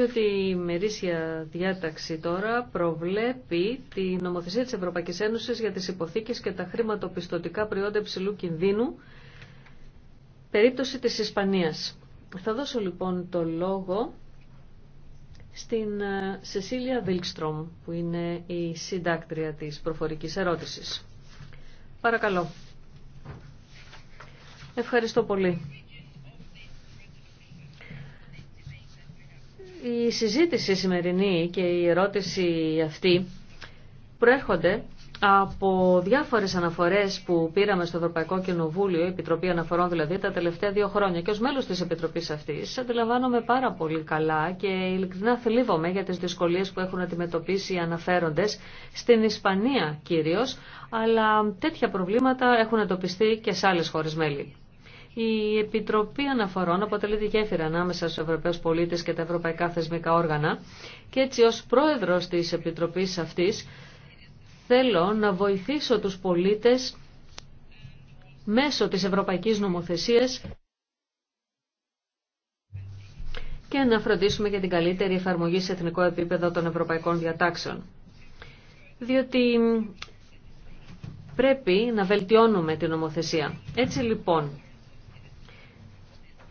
ότι η μερίσια διάταξη τώρα προβλέπει τη νομοθεσία της Ευρωπαϊκής Ένωσης για τις υποθήκες και τα χρηματοπιστωτικά προϊόντα υψηλού κινδύνου, περίπτωση της Ισπανίας. Θα δώσω λοιπόν το λόγο στην ε, Σεσίλια Βίλκστρομ, που είναι η συντάκτρια της προφορικής ερώτησης. Παρακαλώ. Ευχαριστώ πολύ. Η συζήτηση σημερινή και η ερώτηση αυτή προέρχονται από διάφορες αναφορές που πήραμε στο Ευρωπαϊκό Κοινοβούλιο, η Επιτροπή Αναφορών δηλαδή, τα τελευταία δύο χρόνια και ως μέλος της Επιτροπής αυτής αντιλαμβάνομαι πάρα πολύ καλά και ειλικρινά θλίβομαι για τις δυσκολίες που έχουν αντιμετωπίσει οι αναφέροντες στην Ισπανία κυρίως, αλλά τέτοια προβλήματα έχουν εντοπιστεί και σε άλλες χώρες μέλη. Η Επιτροπή Αναφορών αποτελεί τη γέφυρα ανάμεσα στους Ευρωπαίους πολίτες και τα ευρωπαϊκά θεσμικά όργανα και έτσι ως πρόεδρος της Επιτροπής αυτής θέλω να βοηθήσω τους πολίτες μέσω της Ευρωπαϊκής Νομοθεσίας και να φροντίσουμε για την καλύτερη εφαρμογή σε εθνικό επίπεδο των ευρωπαϊκών διατάξεων. Διότι πρέπει να βελτιώνουμε την νομοθεσία. Έτσι λοιπόν,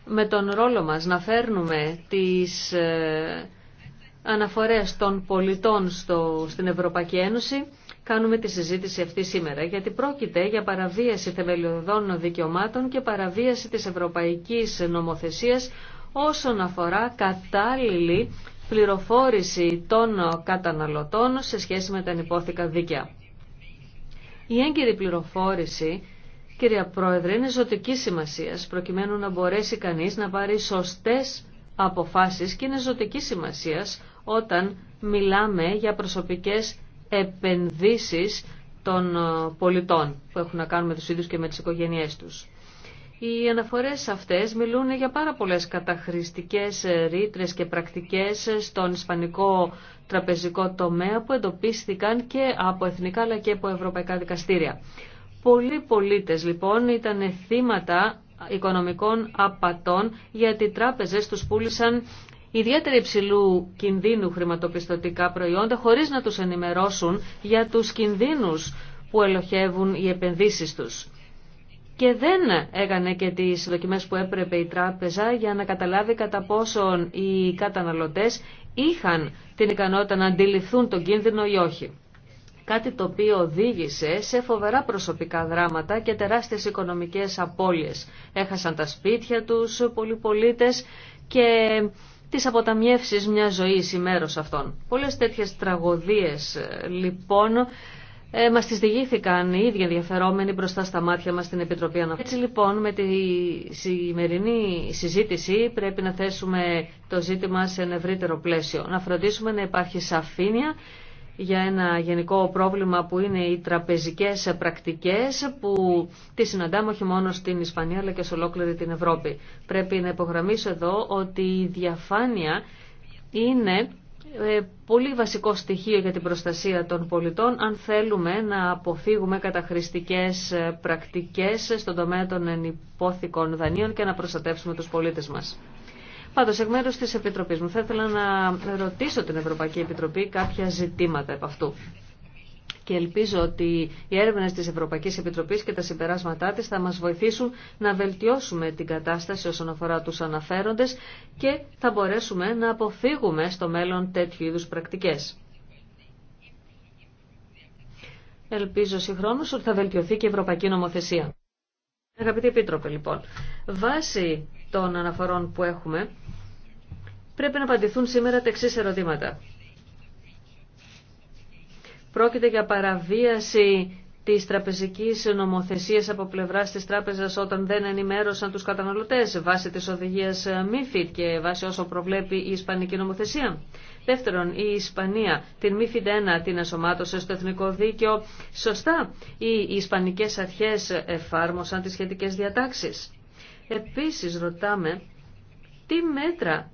με τον ρόλο μας να φέρνουμε τις ε, αναφορές των πολιτών στο, στην Ευρωπαϊκή Ένωση, κάνουμε τη συζήτηση αυτή σήμερα, γιατί πρόκειται για παραβίαση θεμελιωδών δικαιωμάτων και παραβίαση της ευρωπαϊκής νομοθεσίας όσον αφορά κατάλληλη πληροφόρηση των καταναλωτών σε σχέση με τα ανυπόθηκα δίκαια. Η έγκυρη πληροφόρηση κυρία Πρόεδρε, είναι ζωτική σημασία προκειμένου να μπορέσει κανείς να πάρει σωστές αποφάσεις και είναι ζωτική σημασία όταν μιλάμε για προσωπικές επενδύσεις των ε, πολιτών που έχουν να κάνουν με του ίδιους και με τις οικογένειε τους. Οι αναφορές αυτές μιλούν για πάρα πολλές καταχρηστικές ρήτρες και πρακτικές στον ισπανικό τραπεζικό τομέα που εντοπίστηκαν και από εθνικά αλλά και από ευρωπαϊκά δικαστήρια. Πολλοί πολίτες λοιπόν ήταν θύματα οικονομικών απατών γιατί οι τράπεζες τους πούλησαν ιδιαίτερα υψηλού κινδύνου χρηματοπιστωτικά προϊόντα χωρίς να τους ενημερώσουν για τους κινδύνους που ελοχεύουν οι επενδύσεις τους. Και δεν έκανε και τις δοκιμές που έπρεπε η τράπεζα για να καταλάβει κατά πόσον οι καταναλωτές είχαν την ικανότητα να αντιληφθούν τον κίνδυνο ή όχι κάτι το οποίο οδήγησε σε φοβερά προσωπικά δράματα και τεράστιες οικονομικές απώλειες. Έχασαν τα σπίτια τους πολλοί πολίτες και τις αποταμιεύσεις μια ζωή ημέρος αυτών. Πολλές τέτοιες τραγωδίες ε, λοιπόν ε, μας τις διηγήθηκαν οι ίδιοι ενδιαφερόμενοι μπροστά στα μάτια μας στην Επιτροπή να Έτσι λοιπόν με τη σημερινή συζήτηση πρέπει να θέσουμε το ζήτημα σε ένα πλαίσιο. Να φροντίσουμε να υπάρχει σαφήνεια για ένα γενικό πρόβλημα που είναι οι τραπεζικές πρακτικές που τις συναντάμε όχι μόνο στην Ισπανία αλλά και σε ολόκληρη την Ευρώπη. Πρέπει να υπογραμμίσω εδώ ότι η διαφάνεια είναι ε, πολύ βασικό στοιχείο για την προστασία των πολιτών αν θέλουμε να αποφύγουμε καταχρηστικές ε, πρακτικές στον τομέα των ενυπόθηκων δανείων και να προστατεύσουμε τους πολίτες μας. Πάντω, εκ μέρου της Επιτροπής μου, θα ήθελα να ρωτήσω την Ευρωπαϊκή Επιτροπή κάποια ζητήματα επ' αυτού. Και ελπίζω ότι οι έρευνε της Ευρωπαϊκής Επιτροπής και τα συμπεράσματά τη θα μας βοηθήσουν να βελτιώσουμε την κατάσταση όσον αφορά τους αναφέροντες και θα μπορέσουμε να αποφύγουμε στο μέλλον τέτοιου είδου πρακτικέ. Ελπίζω συγχρόνω ότι θα βελτιωθεί και η Ευρωπαϊκή Νομοθεσία. Αγαπητοί Επίτροπε, λοιπόν, βάσει των αναφορών που έχουμε, πρέπει να απαντηθούν σήμερα τα εξή ερωτήματα. Πρόκειται για παραβίαση της τραπεζικής νομοθεσίας από πλευράς της τράπεζας όταν δεν ενημέρωσαν τους καταναλωτές βάσει της οδηγίας MIFID και βάσει όσο προβλέπει η Ισπανική νομοθεσία. Δεύτερον, η Ισπανία την MIFID 1 την ασωμάτωσε στο εθνικό δίκαιο. Σωστά, οι Ισπανικές αρχές εφάρμοσαν τι σχετικέ διατάξεις. Επίσης ρωτάμε τι μέτρα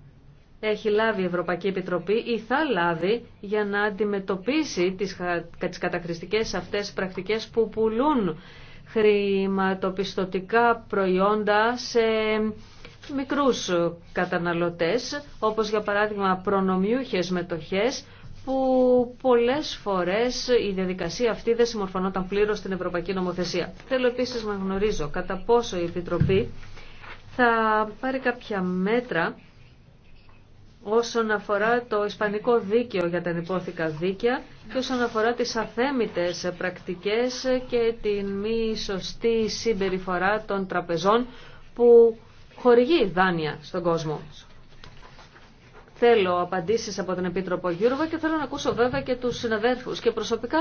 έχει λάβει η Ευρωπαϊκή Επιτροπή ή θα λάβει για να αντιμετωπίσει τις, τις κατακριστικές αυτές πρακτικές που πουλούν χρηματοπιστωτικά προϊόντα σε μικρούς καταναλωτές, όπως για παράδειγμα προνομιούχες μετοχές, που πολλές φορές η διαδικασία αυτή δεν συμμορφωνόταν πλήρως στην Ευρωπαϊκή Νομοθεσία. Θέλω επίσης να γνωρίζω κατά πόσο η Επιτροπή θα πάρει κάποια μέτρα όσον αφορά το ισπανικό δίκαιο για τα ενυπόθηκα δίκαια και όσον αφορά τις αθέμητες πρακτικές και την μη σωστή συμπεριφορά των τραπεζών που χορηγεί δάνεια στον κόσμο. Θέλω απαντήσεις από την Επίτροπο Γιούροβα και θέλω να ακούσω βέβαια και τους συναδέλφους Και προσωπικά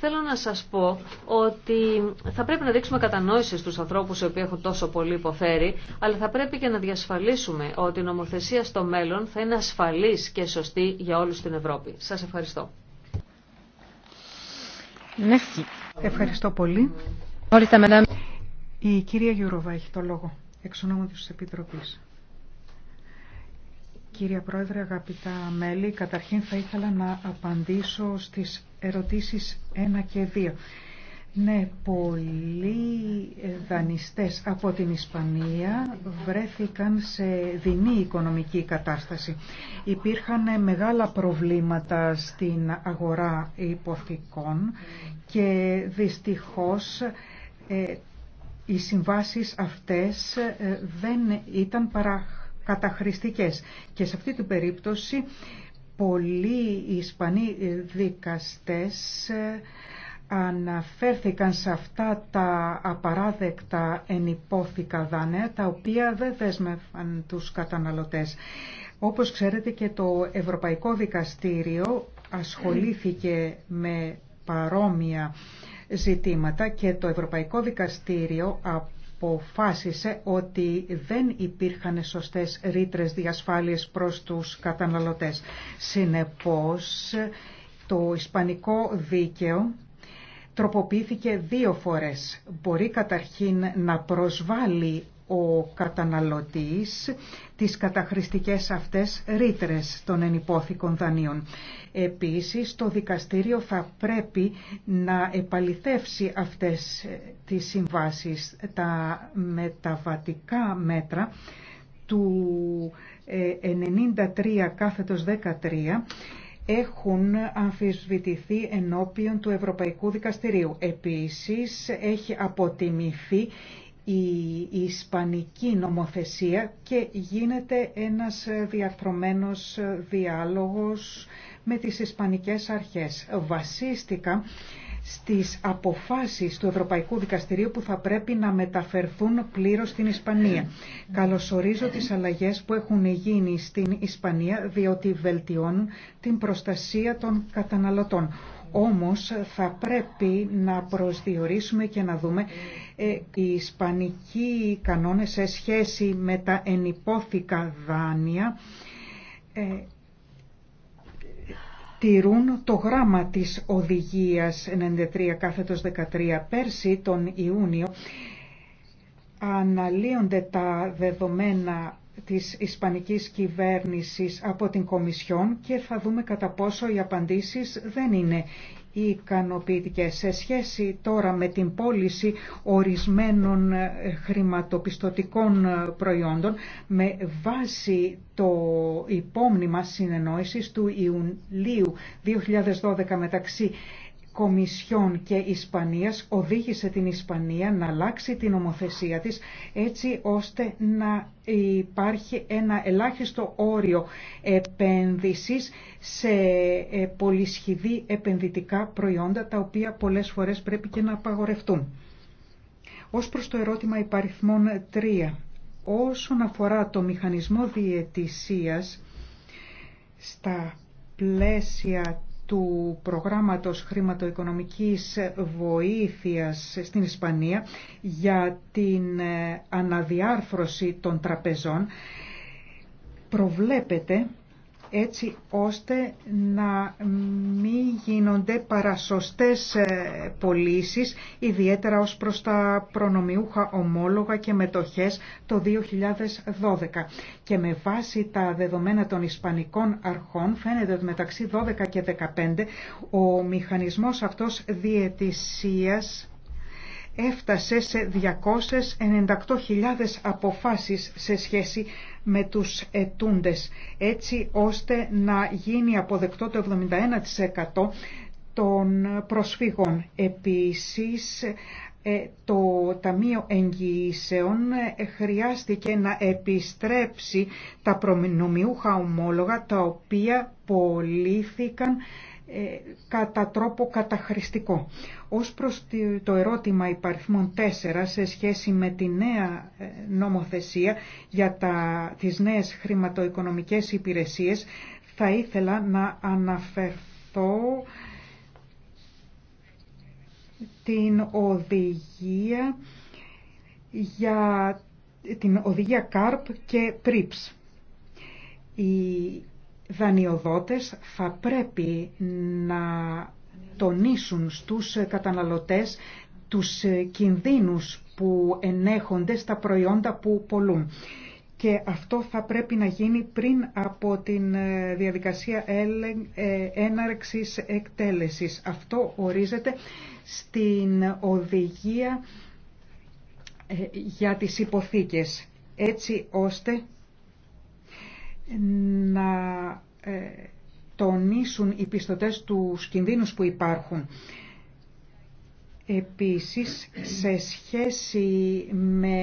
θέλω να σας πω ότι θα πρέπει να δείξουμε κατανόηση στους ανθρώπους οι οποίοι έχουν τόσο πολύ υποφέρει, αλλά θα πρέπει και να διασφαλίσουμε ότι η νομοθεσία στο μέλλον θα είναι ασφαλής και σωστή για όλους στην Ευρώπη. Σας ευχαριστώ. Ευχαριστώ πολύ. Η κυρία Γιούροβα έχει το λόγο, εξ ονόματος της Επιτροπής. Κύριε Πρόεδρε, αγαπητά μέλη, καταρχήν θα ήθελα να απαντήσω στις ερωτήσεις 1 και 2. Ναι, πολλοί δανειστές από την Ισπανία βρέθηκαν σε δεινή οικονομική κατάσταση. Υπήρχαν μεγάλα προβλήματα στην αγορά υποθηκών και δυστυχώς ε, οι συμβάσεις αυτές ε, δεν ήταν παρά καταχρηστικές. Και σε αυτή την περίπτωση πολλοί Ισπανοί δικαστές ε, αναφέρθηκαν σε αυτά τα απαράδεκτα ενυπόθηκα δάνεια, τα οποία δεν δέσμευαν τους καταναλωτές. Όπως ξέρετε και το Ευρωπαϊκό Δικαστήριο ασχολήθηκε με παρόμοια ζητήματα και το Ευρωπαϊκό Δικαστήριο αποφάσισε ότι δεν υπήρχαν σωστές ρήτρες διασφάλειες προς τους καταναλωτές. Συνεπώς, το ισπανικό δίκαιο τροποποιήθηκε δύο φορές. Μπορεί καταρχήν να προσβάλλει ο καταναλωτής τις καταχρηστικές αυτές ρήτρες των ενυπόθηκων δανείων. Επίσης, το δικαστήριο θα πρέπει να επαληθεύσει αυτές τις συμβάσεις, τα μεταβατικά μέτρα του 93 ε, κάθετος 13 έχουν αμφισβητηθεί ενώπιον του Ευρωπαϊκού Δικαστηρίου. Επίσης, έχει αποτιμηθεί η ισπανική νομοθεσία και γίνεται ένας διαρθρωμένος διάλογος με τις ισπανικές αρχές. Βασίστηκα στις αποφάσεις του Ευρωπαϊκού Δικαστηρίου που θα πρέπει να μεταφερθούν πλήρως στην Ισπανία. Καλωσορίζω τις αλλαγές που έχουν γίνει στην Ισπανία διότι βελτιώνουν την προστασία των καταναλωτών όμως θα πρέπει να προσδιορίσουμε και να δούμε ε, οι ισπανικοί κανόνες σε σχέση με τα ενυπόθηκα δάνεια ε, τηρούν το γράμμα της οδηγίας 93 κάθετος 13 πέρσι τον Ιούνιο αναλύονται τα δεδομένα της Ισπανικής κυβέρνησης από την Κομισιόν και θα δούμε κατά πόσο οι απαντήσεις δεν είναι ικανοποιητικές. Σε σχέση τώρα με την πώληση ορισμένων ε, χρηματοπιστωτικών ε, προϊόντων με βάση το υπόμνημα συνεννόησης του Ιουλίου 2012 μεταξύ Κομισιόν και Ισπανίας οδήγησε την Ισπανία να αλλάξει την ομοθεσία της έτσι ώστε να υπάρχει ένα ελάχιστο όριο επένδυσης σε ε, πολυσχηδή επενδυτικά προϊόντα τα οποία πολλές φορές πρέπει και να απαγορευτούν. Ως προς το ερώτημα υπαριθμών 3, όσον αφορά το μηχανισμό διαιτησίας στα πλαίσια του προγράμματος χρηματοοικονομικής βοήθειας στην Ισπανία για την ε, αναδιάρθρωση των τραπεζών προβλέπεται έτσι ώστε να μην γίνονται παρασωστές ε, πωλήσει, ιδιαίτερα ως προς τα προνομιούχα ομόλογα και μετοχές το 2012. Και με βάση τα δεδομένα των Ισπανικών αρχών φαίνεται ότι μεταξύ 12 και 15 ο μηχανισμός αυτός διαιτησίας έφτασε σε 298.000 αποφάσεις σε σχέση με τους ετούντες, έτσι ώστε να γίνει αποδεκτό το 71% των προσφύγων. Επίσης, ε, το Ταμείο Εγγυήσεων ε, χρειάστηκε να επιστρέψει τα προνομιούχα ομόλογα τα οποία πολίθηκαν ε, κατά τρόπο καταχρηστικό. Ως προς το ερώτημα υπαριθμών 4 σε σχέση με τη νέα ε, νομοθεσία για τα, τις νέες χρηματοοικονομικές υπηρεσίες θα ήθελα να αναφερθώ την οδηγία για την οδηγία CARP και ΠΡΙΠΣ. Η δανειοδότες θα πρέπει να τονίσουν στους καταναλωτές τους κινδύνους που ενέχονται στα προϊόντα που πολλούν. Και αυτό θα πρέπει να γίνει πριν από την ε, διαδικασία ε, έναρξης εκτέλεσης. Αυτό ορίζεται στην οδηγία ε, για τις υποθήκες, έτσι ώστε να ε, τονίσουν οι πιστωτές του κινδύνους που υπάρχουν. Επίσης, σε σχέση με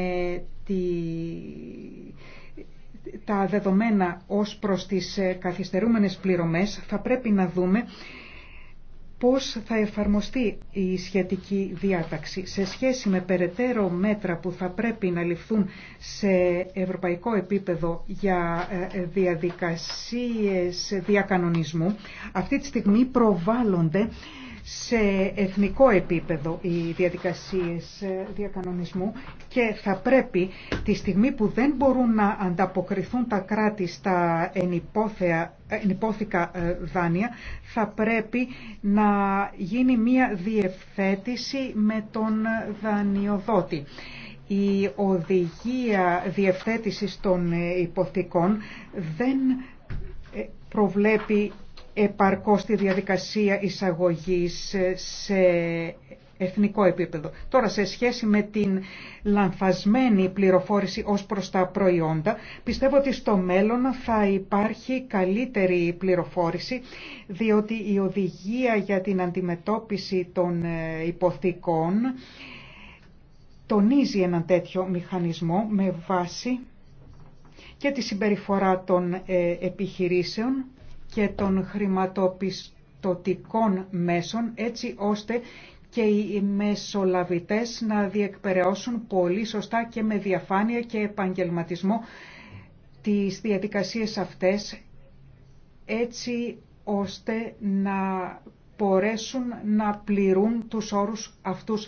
τα δεδομένα ως προς τις ε, καθυστερούμενες πληρωμές, θα πρέπει να δούμε πώς θα εφαρμοστεί η σχετική διάταξη σε σχέση με περαιτέρω μέτρα που θα πρέπει να ληφθούν σε ευρωπαϊκό επίπεδο για ε, ε, διαδικασίες διακανονισμού. Αυτή τη στιγμή προβάλλονται σε εθνικό επίπεδο οι διαδικασίες ε, διακανονισμού και θα πρέπει τη στιγμή που δεν μπορούν να ανταποκριθούν τα κράτη στα ε, ενυπόθηκα ε, δάνεια θα πρέπει να γίνει μία διευθέτηση με τον δανειοδότη. Η οδηγία διευθέτησης των υποθήκων δεν προβλέπει επαρκώς τη διαδικασία εισαγωγής σε εθνικό επίπεδο. Τώρα, σε σχέση με την λανθασμένη πληροφόρηση ως προς τα προϊόντα, πιστεύω ότι στο μέλλον θα υπάρχει καλύτερη πληροφόρηση, διότι η οδηγία για την αντιμετώπιση των ε, υποθήκων τονίζει έναν τέτοιο μηχανισμό με βάση και τη συμπεριφορά των ε, επιχειρήσεων και των χρηματοπιστωτικών μέσων έτσι ώστε και οι μεσολαβητές να διεκπαιρεώσουν πολύ σωστά και με διαφάνεια και επαγγελματισμό τις διαδικασίες αυτές έτσι ώστε να μπορέσουν να πληρούν τους όρους αυτούς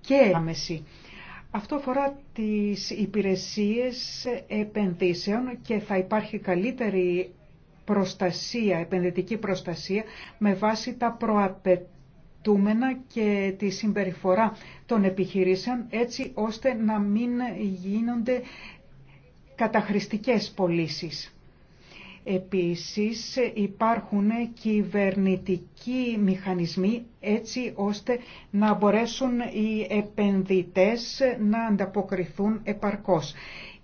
και άμεση. Αυτό αφορά τις υπηρεσίες επενδύσεων και θα υπάρχει καλύτερη προστασία, επενδυτική προστασία με βάση τα προαπαιτούμενα και τη συμπεριφορά των επιχειρήσεων έτσι ώστε να μην γίνονται καταχρηστικές πωλήσει. Επίσης υπάρχουν κυβερνητικοί μηχανισμοί έτσι ώστε να μπορέσουν οι επενδυτές να ανταποκριθούν επαρκώς.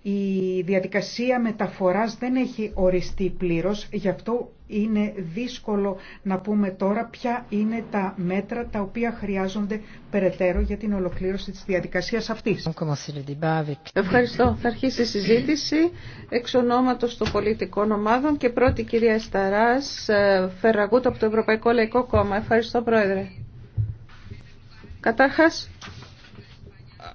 Η διαδικασία μεταφοράς δεν έχει οριστεί πλήρως, γι' αυτό είναι δύσκολο να πούμε τώρα ποια είναι τα μέτρα τα οποία χρειάζονται περαιτέρω για την ολοκλήρωση της διαδικασίας αυτής. Ευχαριστώ. Θα αρχίσει η συζήτηση εξ ονόματος των πολιτικών ομάδων και πρώτη κυρία Σταράς ε, Φεραγούτο από το Ευρωπαϊκό Λαϊκό Κόμμα. Ευχαριστώ Πρόεδρε. Κατάρχας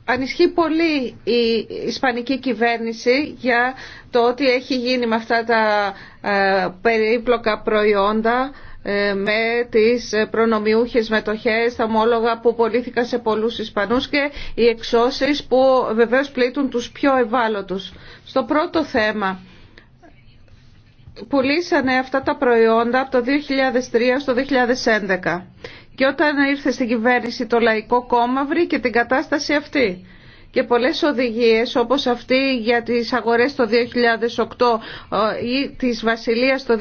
ανισχύει πολύ η Ισπανική κυβέρνηση για το ότι έχει γίνει με αυτά τα ε, περίπλοκα προϊόντα ε, με τις προνομιούχες μετοχές, τα ομόλογα που πωλήθηκαν σε πολλούς Ισπανούς και οι εξώσεις που βεβαίως πλήττουν τους πιο ευάλωτους. Στο πρώτο θέμα, πουλήσανε αυτά τα προϊόντα από το 2003 στο 2011 και όταν ήρθε στην κυβέρνηση το Λαϊκό Κόμμα βρήκε την κατάσταση αυτή και πολλές οδηγίες όπως αυτή για τις αγορές το 2008 ε, ή της Βασιλείας το 2011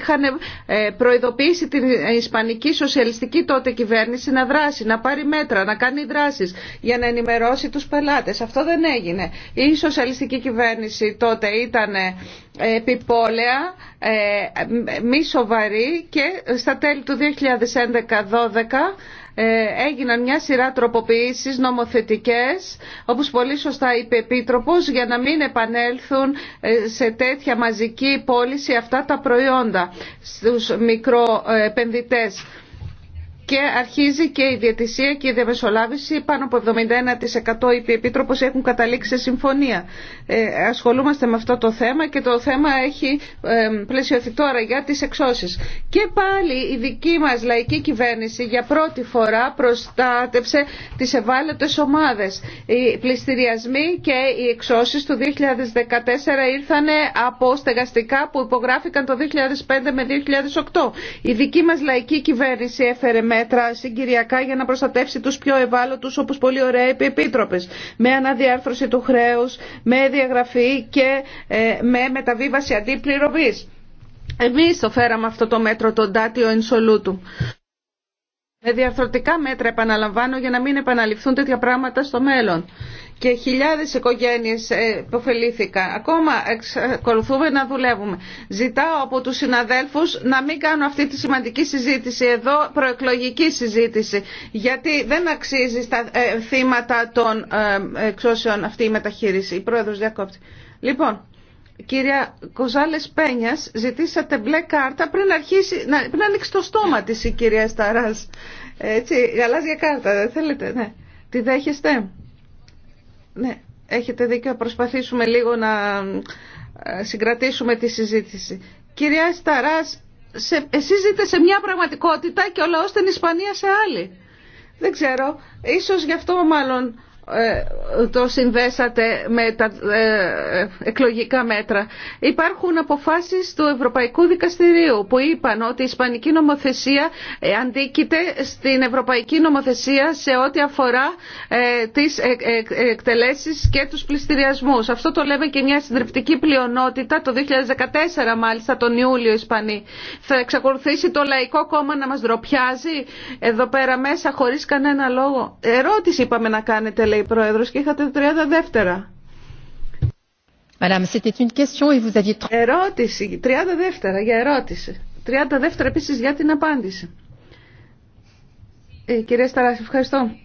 είχαν ε, προειδοποιήσει την Ισπανική Σοσιαλιστική τότε κυβέρνηση να δράσει, να πάρει μέτρα, να κάνει δράσεις για να ενημερώσει τους πελάτες. Αυτό δεν έγινε. Η Σοσιαλιστική κυβέρνηση τότε ήταν ε, επιπόλαια, μη σοβαρή και στα τέλη του 2011-2012 ε, έγιναν μια σειρά τροποποιήσεις νομοθετικές, όπως πολύ σωστά είπε Επίτροπος, για να μην επανέλθουν ε, σε τέτοια μαζική πώληση αυτά τα προϊόντα στους μικροεπενδυτές και αρχίζει και η διατησία και η διαμεσολάβηση. Πάνω από 71% οι επίτροπος έχουν καταλήξει σε συμφωνία. Ε, ασχολούμαστε με αυτό το θέμα και το θέμα έχει ε, πλαισιωθεί τώρα για τις εξώσεις. Και πάλι η δική μας λαϊκή κυβέρνηση για πρώτη φορά προστάτευσε τις ευάλωτες ομάδες. Οι πληστηριασμοί και οι εξώσεις του 2014 ήρθαν από στεγαστικά που υπογράφηκαν το 2005 με 2008. Η δική μας λαϊκή κυβέρνηση έφερε μέτρα συγκυριακά για να προστατεύσει του πιο ευάλωτου, όπω πολύ ωραία είπε με αναδιάρθρωση του χρέου, με διαγραφή και ε, με μεταβίβαση αντίπληρωμής. Εμεί το φέραμε αυτό το μέτρο τον Τάτιο του με διαρθρωτικά μέτρα επαναλαμβάνω για να μην επαναληφθούν τέτοια πράγματα στο μέλλον. Και χιλιάδες οικογένειες ε, υποφελήθηκαν. Ακόμα εξακολουθούμε να δουλεύουμε. Ζητάω από τους συναδέλφους να μην κάνουν αυτή τη σημαντική συζήτηση εδώ, προεκλογική συζήτηση. Γιατί δεν αξίζει στα ε, θύματα των ε, εξώσεων αυτή η μεταχείριση. Η πρόεδρο διακόπτη. Λοιπόν, Κυρία Κοζάλες Πένιας, ζητήσατε μπλε κάρτα πριν, αρχίσει, να, πριν ανοίξει το στόμα της η κυρία Σταράς. Έτσι, γαλάζια κάρτα, δεν θέλετε, ναι. Τη δέχεστε. Ναι, έχετε δίκιο, προσπαθήσουμε λίγο να ε, συγκρατήσουμε τη συζήτηση. Κυρία Σταράς, σε, εσείς ζείτε σε μια πραγματικότητα και ο λαός στην Ισπανία σε άλλη. Δεν ξέρω, ίσως γι' αυτό μάλλον ε, το συνδέσατε με τα ε, εκλογικά μέτρα. Υπάρχουν αποφάσεις του Ευρωπαϊκού Δικαστηρίου που είπαν ότι η Ισπανική νομοθεσία ε, αντίκειται στην Ευρωπαϊκή νομοθεσία σε ό,τι αφορά τις εκτελέσεις και τους πληστηριασμούς. Αυτό το λέμε και μια συντριπτική πλειονότητα το 2014 μάλιστα τον Ιούλιο Ισπανή. Θα εξακολουθήσει το Λαϊκό Κόμμα να μας ντροπιάζει εδώ πέρα μέσα χωρίς κανένα λόγο. Ερώτηση είπαμε να κάνετε λέει και είχατε 30 δεύτερα. Madame, c'était une question et vous aviez... Ερώτηση, 30 δεύτερα για ερώτηση. 30 δεύτερα επίση για την απάντηση. Ε, κυρία Σταράση, ευχαριστώ.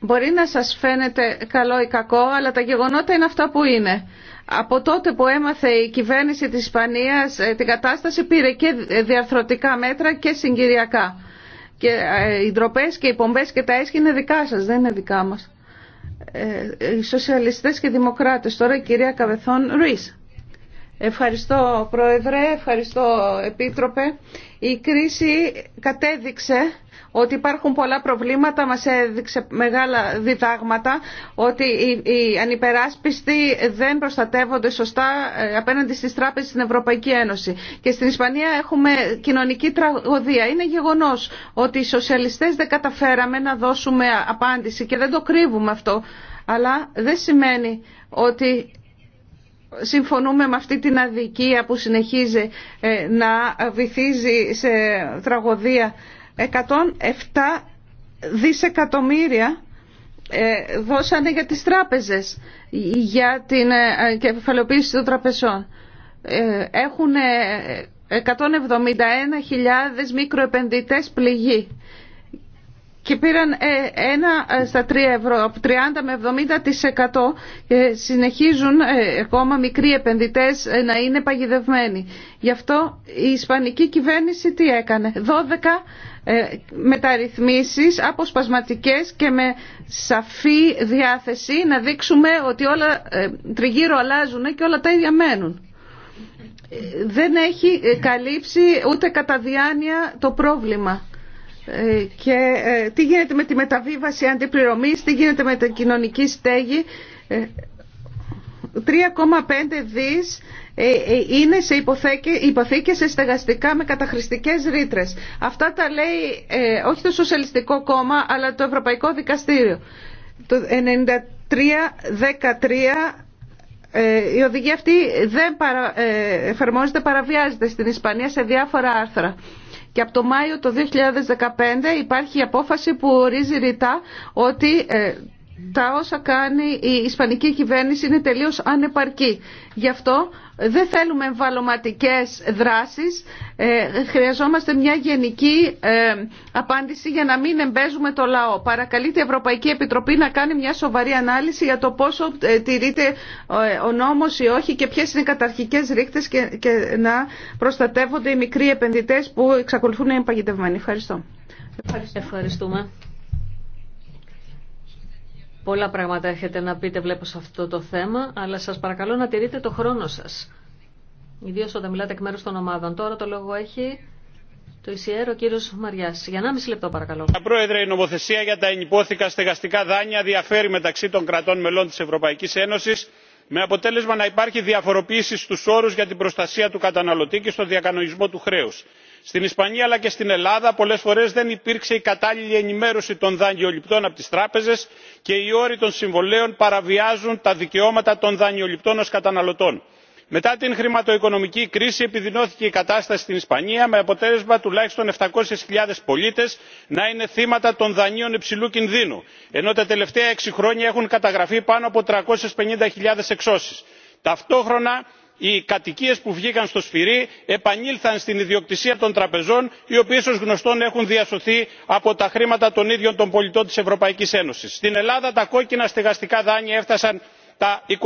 Μπορεί να σας φαίνεται καλό ή κακό, αλλά τα γεγονότα είναι αυτά που είναι. Από τότε που έμαθε η κυβέρνηση της Ισπανίας ε, την κατάσταση πήρε και διαρθρωτικά μέτρα και συγκυριακά. Ε, και οι ντροπέ και οι πομπέ και τα έσχη είναι δικά σα, δεν είναι δικά μας. Ε, ε, οι σοσιαλιστές και οι δημοκράτες. Τώρα η κυρία Καβεθόν Ρουίς. Ευχαριστώ Πρόεδρε, ευχαριστώ Επίτροπε. Η κρίση κατέδειξε ότι υπάρχουν πολλά προβλήματα, μας έδειξε μεγάλα διδάγματα, ότι οι ανυπεράσπιστοι δεν προστατεύονται σωστά ε, απέναντι στις τράπεζες στην Ευρωπαϊκή Ένωση. Και στην Ισπανία έχουμε κοινωνική τραγωδία. Είναι γεγονός ότι οι σοσιαλιστές δεν καταφέραμε να δώσουμε απάντηση και δεν το κρύβουμε αυτό. Αλλά δεν σημαίνει ότι συμφωνούμε με αυτή την αδικία που συνεχίζει ε, να βυθίζει σε τραγωδία 107 δισεκατομμύρια ε, δώσανε για τις τράπεζες, για την ε, κεφαλαιοποίηση των τραπεζών. Ε, Έχουν 171.000 μικροεπενδυτές πληγή και πήραν ε, ένα ε, στα τρία ευρώ, από 30 με 70% ε, συνεχίζουν ακόμα μικροί επενδυτές να είναι παγιδευμένοι. Γι' αυτό η Ισπανική κυβέρνηση τι έκανε. 12 μεταρρυθμίσεις αποσπασματικές και με σαφή διάθεση να δείξουμε ότι όλα τριγύρω αλλάζουν και όλα τα ίδια μένουν. Δεν έχει καλύψει ούτε κατά διάνοια το πρόβλημα ε, και ε, τι γίνεται με τη μεταβίβαση αντιπληρωμής, τι γίνεται με την κοινωνική στέγη. 3,5 ε, δις είναι σε υποθήκες σε στεγαστικά με καταχρηστικές ρήτρες. Αυτά τα λέει όχι το Σοσιαλιστικό Κόμμα αλλά το Ευρωπαϊκό Δικαστήριο. Το 93-13 η οδηγία αυτή δεν εφαρμόζεται, παραβιάζεται στην Ισπανία σε διάφορα άρθρα. Και από το Μάιο το 2015 υπάρχει η απόφαση που ορίζει ρητά ότι ε, τα όσα κάνει η Ισπανική κυβέρνηση είναι τελείως ανεπαρκή. Γι' αυτό δεν θέλουμε εμβαλωματικές δράσεις, ε, χρειαζόμαστε μια γενική ε, απάντηση για να μην εμπέζουμε το λαό. Παρακαλείται η Ευρωπαϊκή Επιτροπή να κάνει μια σοβαρή ανάλυση για το πόσο ε, τηρείται ο νόμος ή όχι και ποιες είναι οι καταρχικές ρήκτες και να προστατεύονται οι μικροί επενδυτές που εξακολουθούν να είναι παγιδευμένοι. Ευχαριστώ. Ευχαριστούμε. Πολλά πράγματα έχετε να πείτε βλέπω σε αυτό το θέμα, αλλά σας παρακαλώ να τηρείτε το χρόνο σας. Ιδίω όταν μιλάτε εκ μέρου των ομάδων. Τώρα το λόγο έχει το ΙΣΙΕΡ ο κύριο Μαριά. Για 1,5 λεπτό παρακαλώ. Κύριε Πρόεδρε, η νομοθεσία για τα ενυπόθηκα στεγαστικά δάνεια διαφέρει μεταξύ των κρατών μελών τη Ευρωπαϊκή Ένωση, με αποτέλεσμα να υπάρχει διαφοροποίηση στου όρου για την προστασία του καταναλωτή και στο διακανονισμό του χρέου στην ισπανία αλλά και στην ελλάδα πολλές φορές δεν υπήρξε η κατάλληλη ενημέρωση των δανειοληπτών από τις τράπεζες και οι όροι των συμβολέων παραβιάζουν τα δικαιώματα των δανειοληπτών ως καταναλωτών. μετά την χρηματοοικονομική κρίση επιδεινώθηκε η κατάσταση στην ισπανία με αποτέλεσμα τουλάχιστον 700.000 πολίτες να είναι θύματα των δανείων υψηλού κινδύνου ενώ τα τελευταία έξι χρόνια έχουν καταγραφεί πάνω από 350.000 εξώσεις. ταυτόχρονα οι κατοικίες που βγήκαν στο σφυρί επανήλθαν στην ιδιοκτησία των τραπεζών οι οποίες ως γνωστόν έχουν διασωθεί από τα χρήματα των ίδιων των πολιτών της ευρωπαϊκής ένωσης. στην ελλάδα τα κόκκινα στεγαστικά δάνεια έφτασαν τα 21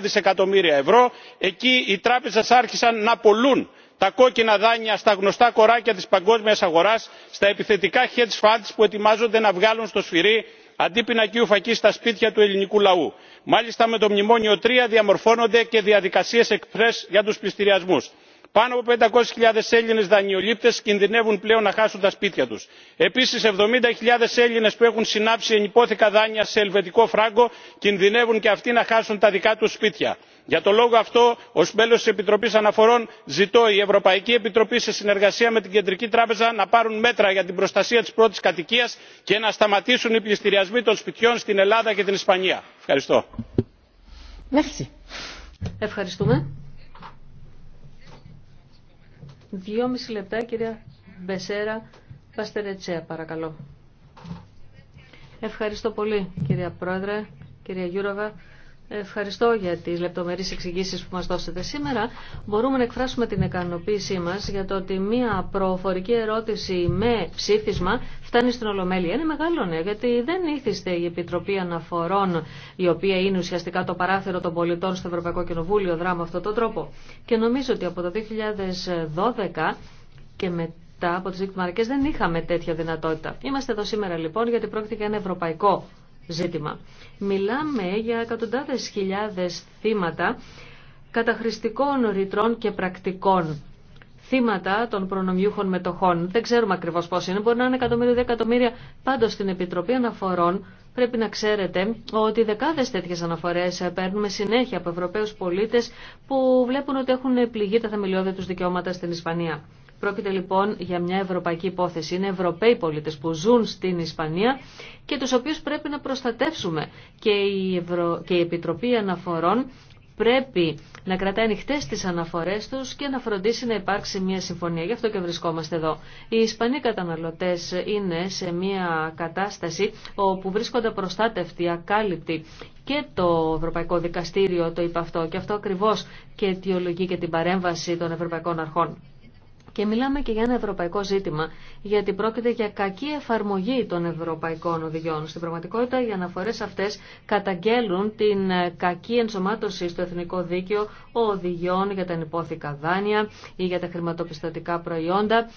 δισεκατομμύρια ευρώ εκεί οι τράπεζες άρχισαν να πολλούν τα κόκκινα δάνεια στα γνωστά κοράκια τη παγκόσμια αγορά, στα επιθετικά hedge funds που ετοιμάζονται να βγάλουν στο σφυρί αντί πινακίου φακής στα σπίτια του ελληνικού λαού. μάλιστα με το μνημόνιο τρία διαμορφώνονται και διαδικασίες εκπρές για τους πληστηριασμούς. πάνω από 500.000 έλληνες δανειολήπτες κινδυνεύουν πλέον να χάσουν τα σπίτια τους. επίσης 70.000 έλληνες που έχουν συνάψει ενυπόθηκα δάνεια σε ελβετικό φράγκο κινδυνεύουν και αυτοί να χάσουν τα δικά τους σπίτια για τον λόγο αυτό ως μέλος της επιτροπής αναφορών ζητώ η ευρωπαϊκή επιτροπή σε συνεργασία με την κεντρική τράπεζα να πάρουν μέτρα για την προστασία της πρώτης κατοικίας και να σταματήσουν οι πληστηριασμοί των σπιτιών στην ελλάδα και την ισπανία. ευχαριστώ. κυρία κυρία Ευχαριστώ για τις λεπτομερείς εξηγήσει που μας δώσετε σήμερα. Μπορούμε να εκφράσουμε την ικανοποίησή μας για το ότι μία προφορική ερώτηση με ψήφισμα φτάνει στην Ολομέλεια. Είναι μεγάλο νέο, γιατί δεν ήθιστε η Επιτροπή Αναφορών, η οποία είναι ουσιαστικά το παράθυρο των πολιτών στο Ευρωπαϊκό Κοινοβούλιο, δράμα αυτόν τον τρόπο. Και νομίζω ότι από το 2012 και μετά από τις δικτυμαρικές δεν είχαμε τέτοια δυνατότητα. Είμαστε εδώ σήμερα λοιπόν γιατί πρόκειται για ένα ευρωπαϊκό ζήτημα. Μιλάμε για εκατοντάδες χιλιάδες θύματα καταχρηστικών ρητρών και πρακτικών θύματα των προνομιούχων μετοχών. Δεν ξέρουμε ακριβώς πώς είναι, μπορεί να είναι εκατομμύρια, ή δεκατομμύρια. Πάντως στην Επιτροπή Αναφορών πρέπει να ξέρετε ότι δεκάδες τέτοιες αναφορές παίρνουμε συνέχεια από Ευρωπαίους πολίτες που βλέπουν ότι έχουν πληγεί τα θεμελιώδη τους δικαιώματα στην Ισπανία. Πρόκειται λοιπόν για μια ευρωπαϊκή υπόθεση. Είναι Ευρωπαίοι πολίτες που ζουν στην Ισπανία και τους οποίους πρέπει να προστατεύσουμε. Και η, και η Επιτροπή Αναφορών πρέπει να κρατάει ανοιχτέ τι αναφορέ του και να φροντίσει να υπάρξει μια συμφωνία. Γι' αυτό και βρισκόμαστε εδώ. Οι Ισπανοί καταναλωτέ είναι σε μια κατάσταση όπου βρίσκονται προστάτευτοι, ακάλυπτοι. Και το Ευρωπαϊκό Δικαστήριο το είπε αυτό. Και αυτό ακριβώ και αιτιολογεί και την παρέμβαση των Ευρωπαϊκών Αρχών. Και μιλάμε και για ένα ευρωπαϊκό ζήτημα, γιατί πρόκειται για κακή εφαρμογή των ευρωπαϊκών οδηγιών. Στην πραγματικότητα, οι αναφορές αυτές καταγγέλουν την ε, κακή ενσωμάτωση στο εθνικό δίκαιο οδηγιών για τα ανυπόθηκα δάνεια ή για τα χρηματοπιστωτικά προϊόντα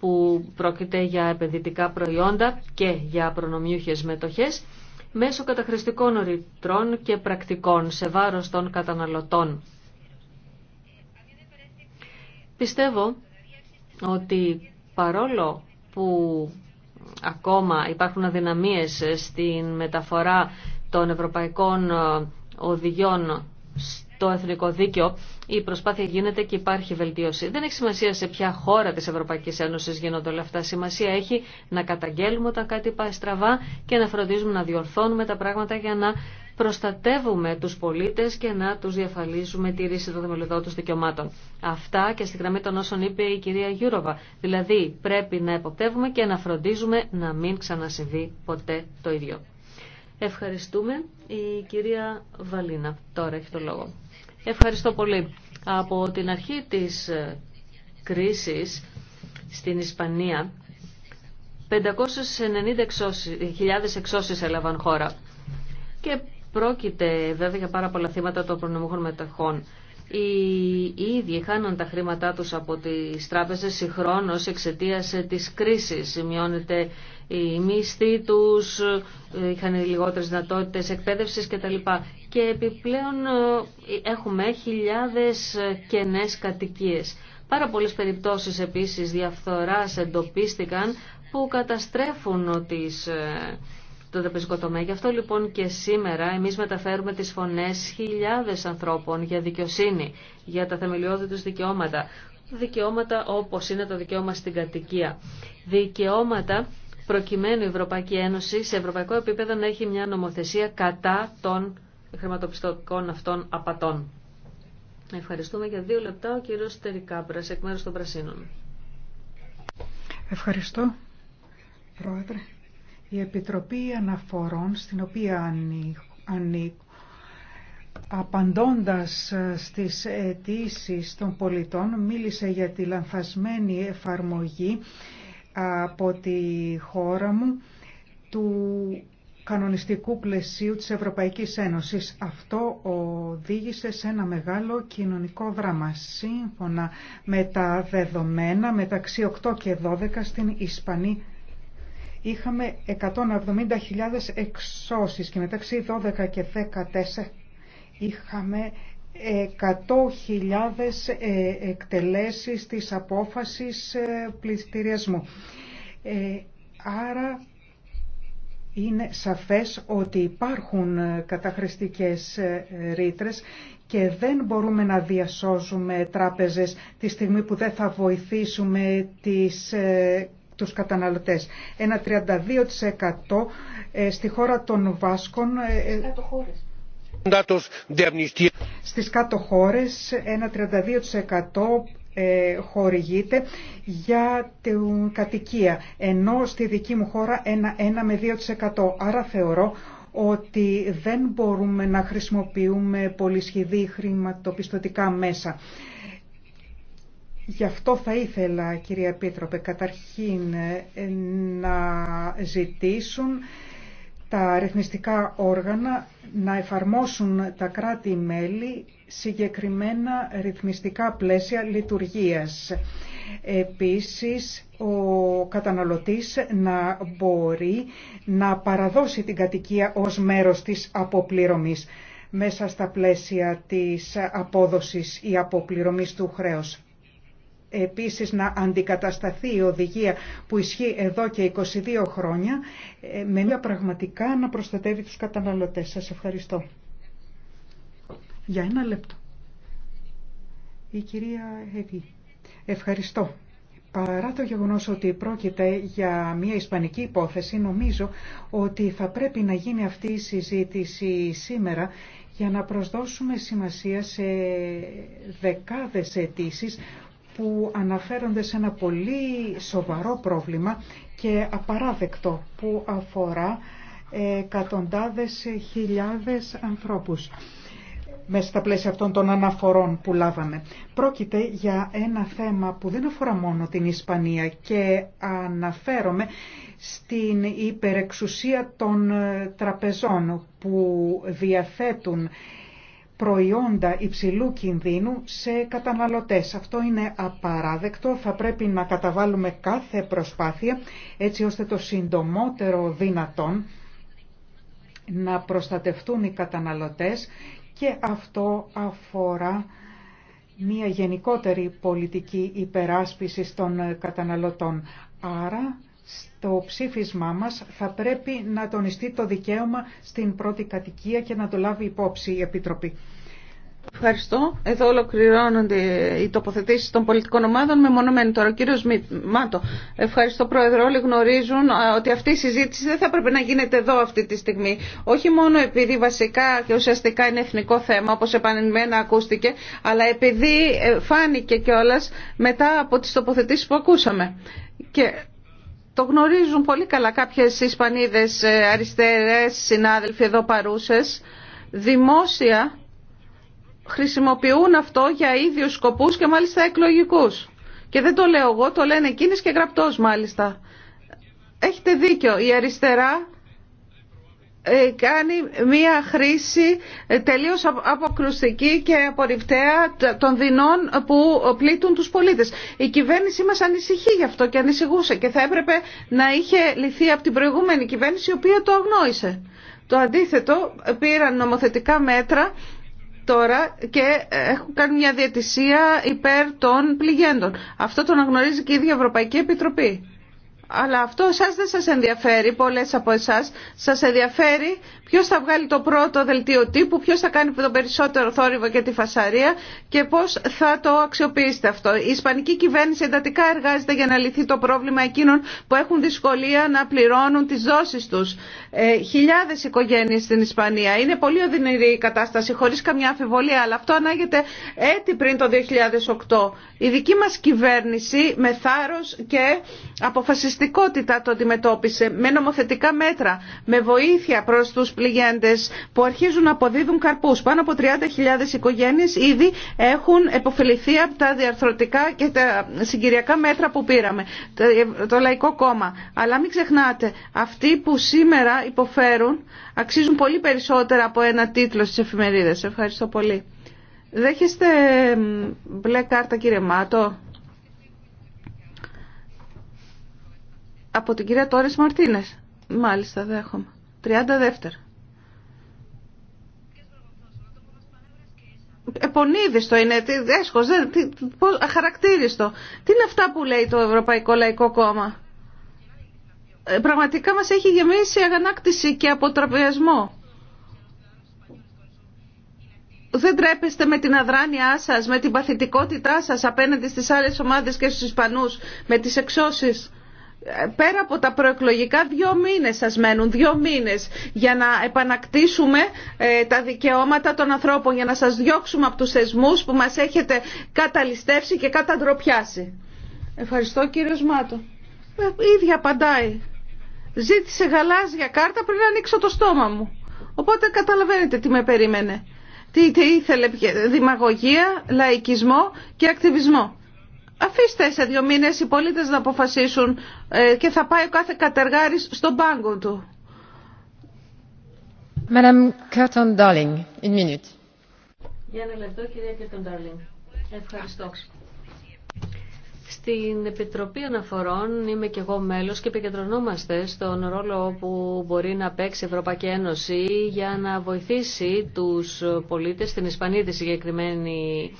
που πρόκειται για επενδυτικά προϊόντα και για προνομιούχες μετοχές μέσω καταχρηστικών ρητρών και πρακτικών σε βάρος των καταναλωτών Πιστεύω ότι παρόλο που ακόμα υπάρχουν αδυναμίες στην μεταφορά των ευρωπαϊκών ε, οδηγιών στο εθνικό δίκαιο, η προσπάθεια γίνεται και υπάρχει βελτίωση. Δεν έχει σημασία σε ποια χώρα της Ευρωπαϊκής Ένωσης γίνονται όλα αυτά. Σημασία έχει να καταγγέλουμε όταν κάτι πάει στραβά και να φροντίζουμε να διορθώνουμε τα πράγματα για να προστατεύουμε τους πολίτες και να τους διαφαλίζουμε τη ρίση των δημιουργών τους δικαιωμάτων. Αυτά και στη γραμμή των όσων είπε η κυρία Γιούροβα. Δηλαδή πρέπει να εποπτεύουμε και να φροντίζουμε να μην ξανασυμβεί ποτέ το ίδιο. Ευχαριστούμε. Η κυρία Βαλίνα τώρα έχει το λόγο. Ευχαριστώ πολύ. Από την αρχή της ε, κρίσης στην Ισπανία 590.000 εξώσεις έλαβαν χώρα και Πρόκειται βέβαια για πάρα πολλά θύματα των προνομούχων μεταχών. Οι ίδιοι χάνουν τα χρήματά τους από τις τράπεζες συγχρόνως εξαιτίας της κρίσης. Σημειώνεται οι μισθοί τους, είχαν λιγότερες δυνατότητες εκπαίδευσης κτλ. Και επιπλέον ε, έχουμε χιλιάδες κενές κατοικίες. Πάρα πολλές περιπτώσεις επίσης διαφθοράς εντοπίστηκαν που καταστρέφουν τις ε, το τραπεζικό τομέα. Γι' αυτό λοιπόν και σήμερα εμείς μεταφέρουμε τις φωνές χιλιάδες ανθρώπων για δικαιοσύνη, για τα θεμελιώδη τους δικαιώματα. Δικαιώματα όπως είναι το δικαίωμα στην κατοικία. Δικαιώματα προκειμένου η Ευρωπαϊκή Ένωση σε ευρωπαϊκό επίπεδο να έχει μια νομοθεσία κατά των χρηματοπιστωτικών αυτών απατών. Ευχαριστούμε για δύο λεπτά ο κύριος Τερικάμπρας εκ μέρους των Πρασίνων. Ευχαριστώ, Πρόεδρε. Η Επιτροπή Αναφορών, στην οποία ανήκω, απαντώντας ε, στις αιτήσει των πολιτών, μίλησε για τη λανθασμένη εφαρμογή ε, από τη χώρα μου του κανονιστικού πλαισίου της Ευρωπαϊκής Ένωσης. Αυτό οδήγησε σε ένα μεγάλο κοινωνικό δράμα. Σύμφωνα με τα δεδομένα, μεταξύ 8 και 12 στην Ισπανία είχαμε 170.000 εξώσεις και μεταξύ 12 και 14 είχαμε 100.000 ε, εκτελέσεις της απόφασης ε, πληστηριασμού. Ε, άρα είναι σαφές ότι υπάρχουν καταχρηστικές ρήτρες και δεν μπορούμε να διασώζουμε τράπεζες τη στιγμή που δεν θα βοηθήσουμε τις τους καταναλωτές. Ένα 32% ε, στη χώρα των Βάσκων... Ε, ε, στις κάτω χώρες ένα 32% χορηγείται για την κατοικία, ενώ στη δική μου χώρα ένα 1 με 2%. Άρα θεωρώ ότι δεν μπορούμε να χρησιμοποιούμε πολυσχηδή χρηματοπιστωτικά μέσα. Γι' αυτό θα ήθελα, κυρία Επίτροπε, καταρχήν ε, να ζητήσουν τα ρυθμιστικά όργανα να εφαρμόσουν τα κράτη-μέλη συγκεκριμένα ρυθμιστικά πλαίσια λειτουργίας. Επίσης, ο καταναλωτής να μπορεί να παραδώσει την κατοικία ως μέρος της αποπληρωμής μέσα στα πλαίσια της απόδοσης ή αποπληρωμής του χρέους επίσης να αντικατασταθεί η οδηγία που ισχύει εδώ και 22 χρόνια ε, με μια πραγματικά να προστατεύει τους καταναλωτές. Σας ευχαριστώ. Για ένα λεπτό. Η κυρία Εύη. Ευχαριστώ. Παρά το γεγονός ότι πρόκειται για μια ισπανική υπόθεση, νομίζω ότι θα πρέπει να γίνει αυτή η συζήτηση σήμερα για να προσδώσουμε σημασία σε δεκάδες αιτήσει που αναφέρονται σε ένα πολύ σοβαρό πρόβλημα και απαράδεκτο που αφορά ε, εκατοντάδες χιλιάδες ανθρώπους μέσα στα πλαίσια αυτών των αναφορών που λάβαμε. Πρόκειται για ένα θέμα που δεν αφορά μόνο την Ισπανία και αναφέρομαι στην υπερεξουσία των ε, τραπεζών που διαθέτουν προϊόντα υψηλού κινδύνου σε καταναλωτές. Αυτό είναι απαράδεκτο, θα πρέπει να καταβάλουμε κάθε προσπάθεια έτσι ώστε το συντομότερο δυνατόν να προστατευτούν οι καταναλωτές και αυτό αφορά μια γενικότερη πολιτική υπεράσπισης των καταναλωτών. Άρα στο ψήφισμά μας θα πρέπει να τονιστεί το δικαίωμα στην πρώτη κατοικία και να το λάβει υπόψη η Επιτροπή. Ευχαριστώ. Εδώ ολοκληρώνονται οι τοποθετήσει των πολιτικών ομάδων με μονομένη τώρα. κύριο Μάτο, ευχαριστώ Πρόεδρε. Όλοι γνωρίζουν ότι αυτή η συζήτηση δεν θα έπρεπε να γίνεται εδώ αυτή τη στιγμή. Όχι μόνο επειδή βασικά και ουσιαστικά είναι εθνικό θέμα, όπω επανειλημμένα ακούστηκε, αλλά επειδή ε, φάνηκε κιόλα μετά από τι τοποθετήσει που ακούσαμε. Και το γνωρίζουν πολύ καλά κάποιες Ισπανίδες ε, αριστερές συνάδελφοι εδώ παρούσες. Δημόσια χρησιμοποιούν αυτό για ίδιους σκοπούς και μάλιστα εκλογικούς. Και δεν το λέω εγώ, το λένε εκείνες και γραπτός μάλιστα. Έχετε δίκιο, η αριστερά ε, κάνει μία χρήση ε, τελείως αποκρουστική και απορριπταία των δεινών που πλήττουν τους πολίτες. Η κυβέρνησή μας ανησυχεί γι' αυτό και ανησυχούσε και θα έπρεπε να είχε λυθεί από την προηγούμενη κυβέρνηση η οποία το αγνόησε. Το αντίθετο πήραν νομοθετικά μέτρα τώρα και ε, έχουν κάνει μια διατησία υπέρ των πληγέντων. Αυτό το αναγνωρίζει και η ίδια Ευρωπαϊκή Επιτροπή. Αλλά αυτό εσά δεν σας ενδιαφέρει, πολλές από εσάς. Σας ενδιαφέρει ποιος θα βγάλει το πρώτο δελτίο τύπου, ποιος θα κάνει τον περισσότερο θόρυβο και τη φασαρία και πώς θα το αξιοποιήσετε αυτό. Η Ισπανική κυβέρνηση εντατικά εργάζεται για να λυθεί το πρόβλημα εκείνων που έχουν δυσκολία να πληρώνουν τις δόσεις τους. Ε, χιλιάδες οικογένειες στην Ισπανία. Είναι πολύ οδυνηρή η κατάσταση, χωρίς καμιά αφιβολία, αλλά αυτό ανάγεται έτη πριν το 2008. Η δική μας κυβέρνηση με θάρρο και αποφασιστικότητα ελαστικότητα το αντιμετώπισε με νομοθετικά μέτρα, με βοήθεια προς τους πληγέντες που αρχίζουν να αποδίδουν καρπούς. Πάνω από 30.000 οικογένειε ήδη έχουν επωφεληθεί από τα διαρθρωτικά και τα συγκυριακά μέτρα που πήραμε. Το Λαϊκό Κόμμα. Αλλά μην ξεχνάτε, αυτοί που σήμερα υποφέρουν αξίζουν πολύ περισσότερα από ένα τίτλο στι Εφημερίδε. Ευχαριστώ πολύ. Δέχεστε μπλε κάρτα κύριε Μάτο. Από την κυρία Τόρες Μαρτίνες. Μάλιστα, δέχομαι. 30 δεύτερα. Επονίδιστο είναι, τι, έσχος, δεν, τι, αχαρακτήριστο. Τι είναι αυτά που λέει το Ευρωπαϊκό Λαϊκό Κόμμα. Ε, πραγματικά μας έχει γεμίσει αγανάκτηση και αποτραπιασμό. Δεν τρέπεστε με την αδράνειά σας, με την παθητικότητά σας απέναντι στις άλλες ομάδες και στους Ισπανούς, με τις εξώσεις πέρα από τα προεκλογικά δύο μήνες σας μένουν, δύο μήνες για να επανακτήσουμε ε, τα δικαιώματα των ανθρώπων, για να σας διώξουμε από τους θεσμούς που μας έχετε καταλυστεύσει και καταντροπιάσει. Ευχαριστώ κύριο Μάτο. Ήδη ε, απαντάει. Ζήτησε γαλάζια κάρτα πριν ανοίξω το στόμα μου. Οπότε καταλαβαίνετε τι με περίμενε. Τι, τι ήθελε, δημαγωγία, λαϊκισμό και ακτιβισμό. Αφήστε σε δύο μήνες οι πολίτες να αποφασίσουν ε, και θα πάει ο κάθε κατεργάρης στον πάγκο του. Curtin Darling, in minute. Για ένα λεπτό, κυρία Curtin Darling. Ευχαριστώ. Στην Επιτροπή Αναφορών είμαι και εγώ μέλος και επικεντρωνόμαστε στον ρόλο που μπορεί να παίξει η Ευρωπαϊκή Ένωση για να βοηθήσει τους πολίτες στην Ισπανία τη συγκεκριμένη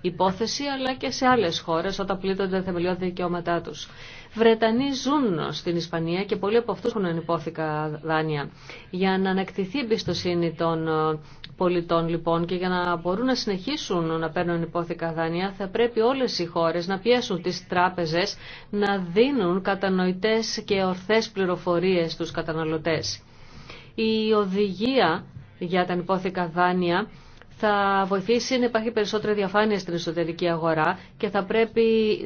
υπόθεση, αλλά και σε άλλες χώρες όταν πλήττονται θεμελιώδη δικαιώματά τους. Βρετανοί ζουν στην Ισπανία και πολλοί από αυτούς έχουν ανυπόθηκα δάνεια. Για να ανακτηθεί η εμπιστοσύνη των ε, πολιτών λοιπόν και για να μπορούν να συνεχίσουν να παίρνουν ανυπόθηκα δάνεια θα πρέπει όλες οι χώρες να πιέσουν τις τράπεζες να δίνουν κατανοητές και ορθές πληροφορίες στους καταναλωτές. Η οδηγία για τα ανυπόθηκα δάνεια θα βοηθήσει να υπάρχει περισσότερη διαφάνεια στην εσωτερική αγορά και θα πρέπει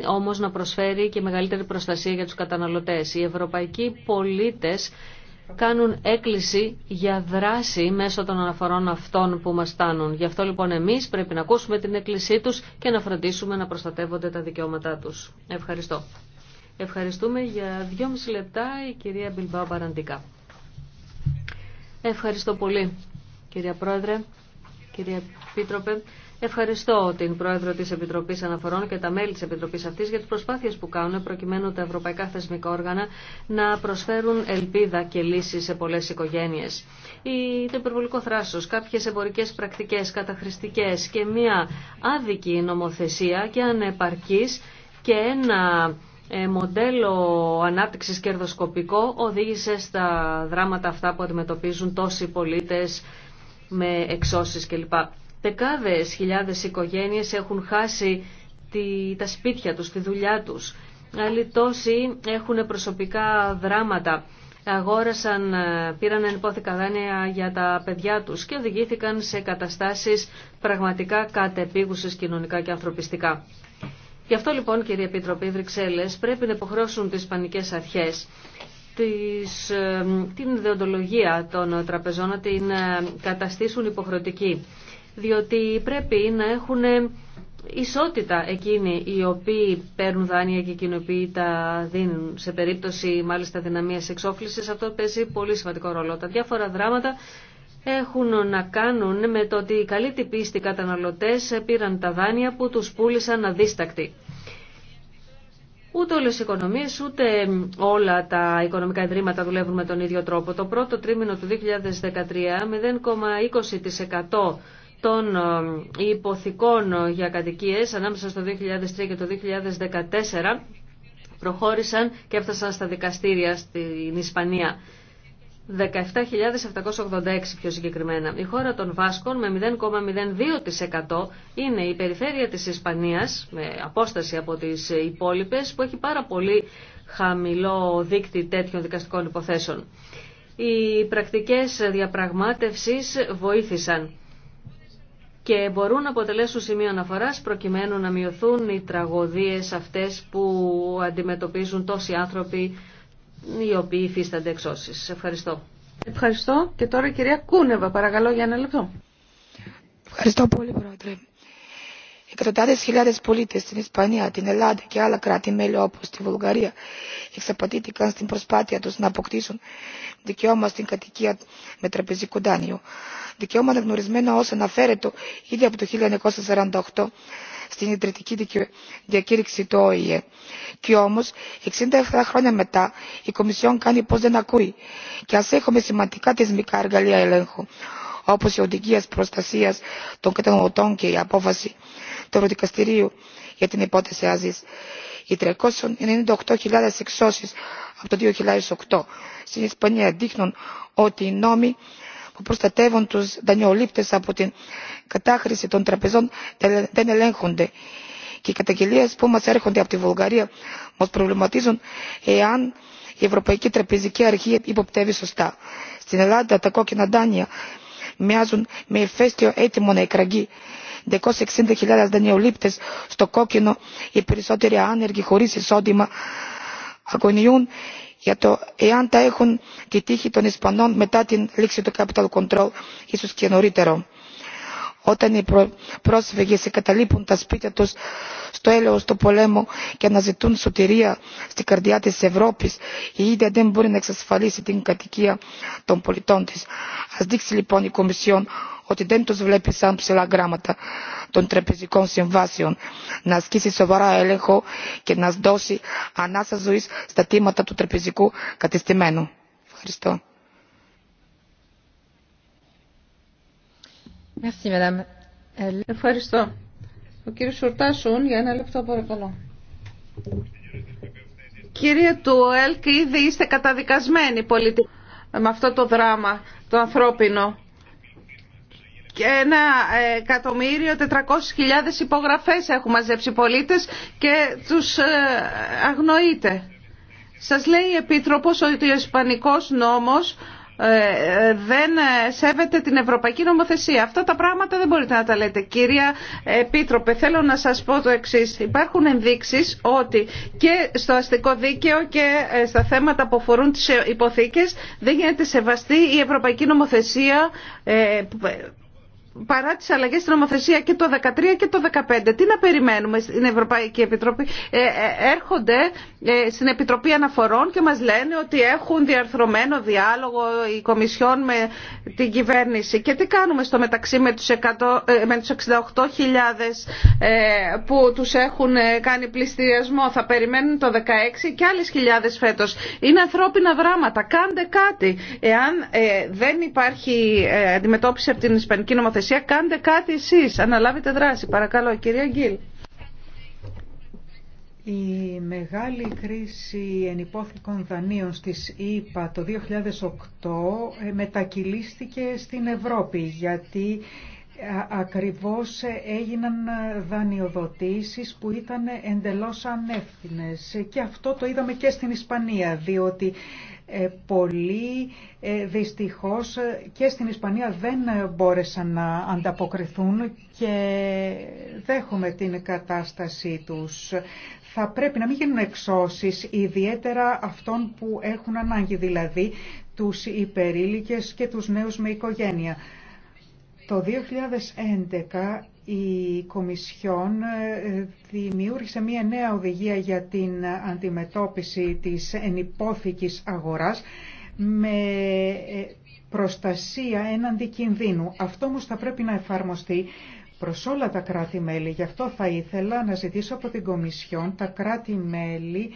όμως να προσφέρει και μεγαλύτερη προστασία για τους καταναλωτές. Οι ευρωπαϊκοί πολίτες κάνουν έκκληση για δράση μέσω των αναφορών αυτών που μας στάνουν. Γι' αυτό λοιπόν εμείς πρέπει να ακούσουμε την έκκλησή τους και να φροντίσουμε να προστατεύονται τα δικαιώματά τους. Ευχαριστώ. Ευχαριστούμε για δυόμιση λεπτά η κυρία Μπιλμπάου Παραντικά. Ευχαριστώ πολύ κυρία Πρόεδρε. Κύριε Επίτροπε, ευχαριστώ την Πρόεδρο της Επιτροπής Αναφορών και τα μέλη της Επιτροπής αυτής για τις προσπάθειες που κάνουν προκειμένου τα ευρωπαϊκά θεσμικά όργανα να προσφέρουν ελπίδα και λύσεις σε πολλές οικογένειες. Η, το υπερβολικό θράσος, κάποιες εμπορικές πρακτικές, καταχρηστικές και μια άδικη νομοθεσία και ανεπαρκής και ένα ε, μοντέλο ανάπτυξης κερδοσκοπικό οδήγησε στα δράματα αυτά που αντιμετωπίζουν τόσοι πολίτες με εξώσεις κλπ. Δεκάδες χιλιάδες οικογένειες έχουν χάσει τη, τα σπίτια τους, τη δουλειά τους. Άλλοι τόσοι έχουν προσωπικά δράματα. Αγόρασαν, ε, πήραν ενυπόθηκα δάνεια για τα παιδιά τους και οδηγήθηκαν σε καταστάσεις πραγματικά κατεπίγουσες κοινωνικά και ανθρωπιστικά. Γι' αυτό λοιπόν κύριε Επίτροπη Βρυξέλλες πρέπει να υποχρεώσουν τις πανικές αρχές τις, ε, την ιδεοντολογία των τραπεζών να την ε, καταστήσουν υποχρεωτική. Διότι πρέπει να έχουν ισότητα εκείνοι οι οποίοι παίρνουν δάνεια και εκείνοι οι οποίοι τα δίνουν. Σε περίπτωση μάλιστα δυναμίας εξόφλησης αυτό παίζει πολύ σημαντικό ρόλο. Τα διάφορα δράματα έχουν να κάνουν με το ότι οι καλοί τυπίστοι καταναλωτές πήραν τα δάνεια που τους πούλησαν αδίστακτοι. Ούτε όλε οι οικονομίες, ούτε όλα τα οικονομικά ιδρύματα δουλεύουν με τον ίδιο τρόπο. Το πρώτο τρίμηνο του 2013, 0,20% των υποθηκών για κατοικίε ανάμεσα στο 2003 και το 2014 προχώρησαν και έφτασαν στα δικαστήρια στην Ισπανία. 17.786 πιο συγκεκριμένα. Η χώρα των Βάσκων με 0,02% είναι η περιφέρεια της Ισπανίας, με απόσταση από τις υπόλοιπες, που έχει πάρα πολύ χαμηλό δίκτυ τέτοιων δικαστικών υποθέσεων. Οι πρακτικές διαπραγμάτευσης βοήθησαν και μπορούν να αποτελέσουν σημείο αναφοράς προκειμένου να μειωθούν οι τραγωδίες αυτές που αντιμετωπίζουν τόσοι άνθρωποι οι οποίοι υφίστανται εξώσεις. Ευχαριστώ. Ευχαριστώ. Και τώρα η κυρία Κούνεβα, παρακαλώ για ένα λεπτό. Ευχαριστώ πολύ, Πρόεδρε. Εκατοντάδε χιλιάδε πολίτε στην Ισπανία, την Ελλάδα και άλλα κράτη-μέλη όπω τη Βουλγαρία εξαπατήθηκαν στην προσπάθεια του να αποκτήσουν δικαίωμα στην κατοικία με τραπεζικό δάνειο. Δικαίωμα αναγνωρισμένο ω αναφέρετο ήδη από το 1948 στην ιδρυτική διακήρυξη του ΟΗΕ. Και όμω, 67 χρόνια μετά, η Κομισιόν κάνει πω δεν ακούει. Και α έχουμε σημαντικά θεσμικά εργαλεία ελέγχου, όπω οι οδηγία προστασία των καταναλωτών και η απόφαση του Ευρωδικαστηρίου για την υπόθεση Αζή. Οι 398.000 εξώσει από το 2008 στην Ισπανία δείχνουν ότι οι νόμοι που προστατεύουν τους δανειολήπτες από την κατάχρηση των τραπεζών δεν ελέγχονται και οι καταγγελίες που μας έρχονται από τη Βουλγαρία μας προβληματίζουν εάν η Ευρωπαϊκή Τραπεζική Αρχή υποπτεύει σωστά. Στην Ελλάδα τα κόκκινα δάνεια μοιάζουν με ηφαίστειο έτοιμο να εκραγεί. 260.000 δανειολήπτες στο κόκκινο, οι περισσότεροι άνεργοι χωρίς εισόδημα, αγωνιούν για το εάν τα έχουν τη τύχη των Ισπανών μετά την λήξη του capital control, ίσως και νωρίτερο όταν οι πρόσφυγες εγκαταλείπουν τα σπίτια τους στο έλεος του πολέμου και αναζητούν σωτηρία στην καρδιά της Ευρώπης η ίδια δεν μπορεί να εξασφαλίσει την κατοικία των πολιτών της. Ας δείξει λοιπόν η Κομισιόν ότι δεν τους βλέπει σαν ψηλά γράμματα των τραπεζικών συμβάσεων, να ασκήσει σοβαρά έλεγχο και να δώσει ανάσα ζωής στα τίματα του τραπεζικού κατεστημένου. Ευχαριστώ. Ευχαριστώ. Ο κύριος Σουρτάσουν για ένα λεπτό παρακαλώ. Κύριε του ΕΛΚ, ήδη είστε καταδικασμένοι πολιτικά με αυτό το δράμα, το ανθρώπινο. Και ένα εκατομμύριο τετρακόσιες χιλιάδες υπογραφές έχουν μαζέψει πολίτες και τους ε, αγνοείτε. Σας λέει η Επίτροπος ότι ο Ισπανικός νόμος ε, ε, δεν ε, σέβεται την ευρωπαϊκή νομοθεσία. Αυτά τα πράγματα δεν μπορείτε να τα λέτε. Κυρία Επίτροπε, θέλω να σας πω το εξής. Υπάρχουν ενδείξεις ότι και στο αστικό δίκαιο και στα θέματα που αφορούν τις υποθήκες δεν γίνεται σεβαστή η ευρωπαϊκή νομοθεσία παρά τις αλλαγές στην νομοθεσία και το 2013 και το 2015. Τι να περιμένουμε στην Ευρωπαϊκή Επιτροπή. Ε, ε, έρχονται ε, στην Επιτροπή Αναφορών και μας λένε ότι έχουν διαρθρωμένο διάλογο η Κομισιόν με την κυβέρνηση. Και τι κάνουμε στο μεταξύ με τους, 68.000 που τους έχουν κάνει πληστηριασμό. Θα περιμένουν το 2016 και άλλες χιλιάδες φέτος. Είναι ανθρώπινα δράματα. Κάντε κάτι. Εάν δεν υπάρχει αντιμετώπιση από την Ισπανική νομοθεσία νομοθεσία. Κάντε κάτι εσείς, αναλάβετε δράση. Παρακαλώ, κυρία Γκίλ. Η μεγάλη κρίση ενυπόθηκων δανείων στις ΕΠΑ το 2008 ε, μετακυλίστηκε στην Ευρώπη γιατί ε, ακριβώς ε, έγιναν δανειοδοτήσεις που ήταν εντελώς ανεύθυνες και αυτό το είδαμε και στην Ισπανία διότι ε, πολύ ε, δυστυχώς και στην Ισπανία δεν μπόρεσαν να ανταποκριθούν και δέχομαι την κατάστασή τους. Θα πρέπει να μην γίνουν εξώσεις, ιδιαίτερα αυτών που έχουν ανάγκη, δηλαδή τους υπερήλικες και τους νέους με οικογένεια. Το 2011 η Κομισιόν ε, δημιούργησε μία νέα οδηγία για την αντιμετώπιση της ενυπόθηκης αγοράς με ε, προστασία έναντι κινδύνου. Αυτό όμως θα πρέπει να εφαρμοστεί προς όλα τα κράτη-μέλη. Γι' αυτό θα ήθελα να ζητήσω από την Κομισιόν τα κράτη-μέλη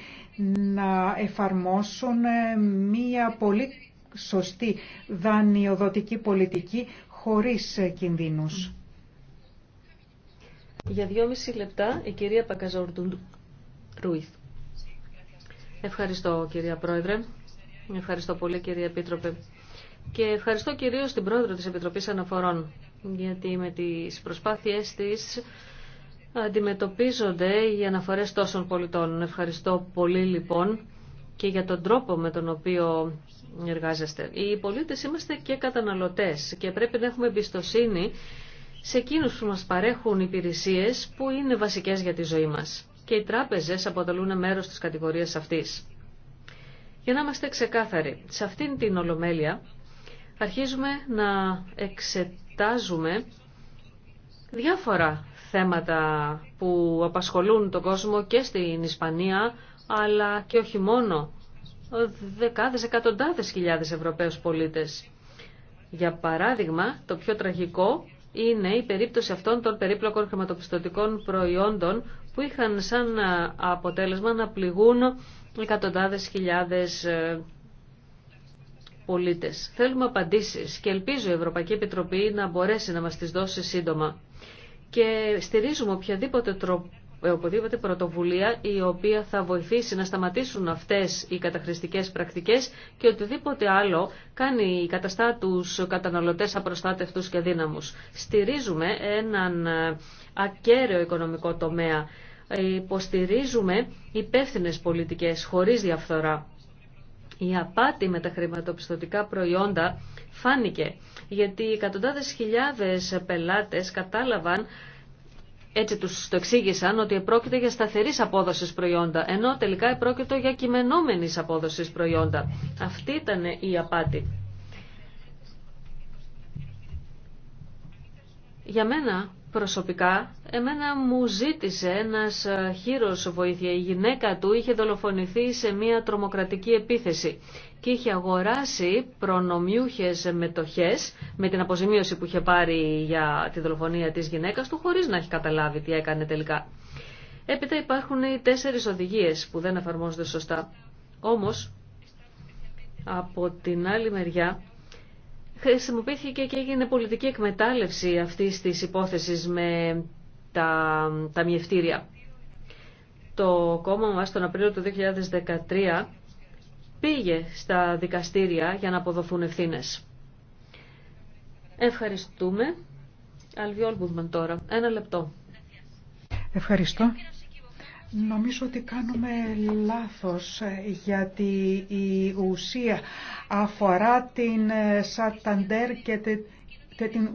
να εφαρμόσουν ε, μία πολύ σωστή δανειοδοτική πολιτική χωρίς κινδύνους. Για δυόμιση λεπτά η κυρία Πακαζόρντου Ρουίθ. Ευχαριστώ κυρία Πρόεδρε. Ευχαριστώ πολύ κυρία Επίτροπε. Και ευχαριστώ κυρίως την Πρόεδρο της Επιτροπής Αναφορών, γιατί με τις προσπάθειές της αντιμετωπίζονται οι αναφορές τόσων πολιτών. Ευχαριστώ πολύ λοιπόν και για τον τρόπο με τον οποίο εργάζεστε. Οι πολίτες είμαστε και καταναλωτές και πρέπει να έχουμε εμπιστοσύνη σε εκείνους που μας παρέχουν υπηρεσίες που είναι βασικές για τη ζωή μας. Και οι τράπεζες αποτελούν μέρος της κατηγορίας αυτής. Για να είμαστε ξεκάθαροι, σε αυτήν την ολομέλεια αρχίζουμε να εξετάζουμε διάφορα θέματα που απασχολούν τον κόσμο και στην Ισπανία, αλλά και όχι μόνο δεκάδες, εκατοντάδες χιλιάδες Ευρωπαίους πολίτες. Για παράδειγμα, το πιο τραγικό είναι η περίπτωση αυτών των περίπλοκων χρηματοπιστωτικών προϊόντων που είχαν σαν ε, αποτέλεσμα να πληγούν εκατοντάδες χιλιάδες ε, πολίτες. Θέλουμε απαντήσεις και ελπίζω η Ευρωπαϊκή Επιτροπή να μπορέσει να μας τις δώσει σύντομα. Και στηρίζουμε οποιαδήποτε τρόπο οπουδήποτε πρωτοβουλία η οποία θα βοηθήσει να σταματήσουν αυτές οι καταχρηστικές πρακτικές και οτιδήποτε άλλο κάνει καταστά τους καταναλωτές απροστάτευτους και δύναμους. Στηρίζουμε έναν ακέραιο οικονομικό τομέα. Υποστηρίζουμε υπεύθυνε πολιτικές χωρίς διαφθορά. Η απάτη με τα χρηματοπιστωτικά προϊόντα φάνηκε γιατί εκατοντάδες χιλιάδες πελάτες κατάλαβαν έτσι τους το εξήγησαν ότι επρόκειται για σταθερής απόδοσης προϊόντα, ενώ τελικά επρόκειτο για κειμενόμενης απόδοσης προϊόντα. Αυτή ήταν η απάτη. Για μένα προσωπικά, εμένα μου ζήτησε ένας ε, χείρος βοήθεια. Η γυναίκα του είχε δολοφονηθεί σε μια τρομοκρατική επίθεση και είχε αγοράσει προνομιούχες μετοχές με την αποζημίωση που είχε πάρει για τη δολοφονία της γυναίκας του χωρίς να έχει καταλάβει τι έκανε τελικά. Έπειτα υπάρχουν οι τέσσερις οδηγίες που δεν εφαρμόζονται σωστά. Όμως, από την άλλη μεριά, χρησιμοποιήθηκε και έγινε πολιτική εκμετάλλευση αυτή τη υπόθεση με τα μυευτήρια. Το κόμμα μας τον Απρίλιο του 2013 πήγε στα δικαστήρια για να αποδοθούν ευθύνε. Ευχαριστούμε. Αλβιόλ Μπουδμαν τώρα. Ένα λεπτό. Ευχαριστώ. Νομίζω ότι κάνουμε λάθος ε, γιατί η ουσία αφορά την ε, Σαταντέρ και και την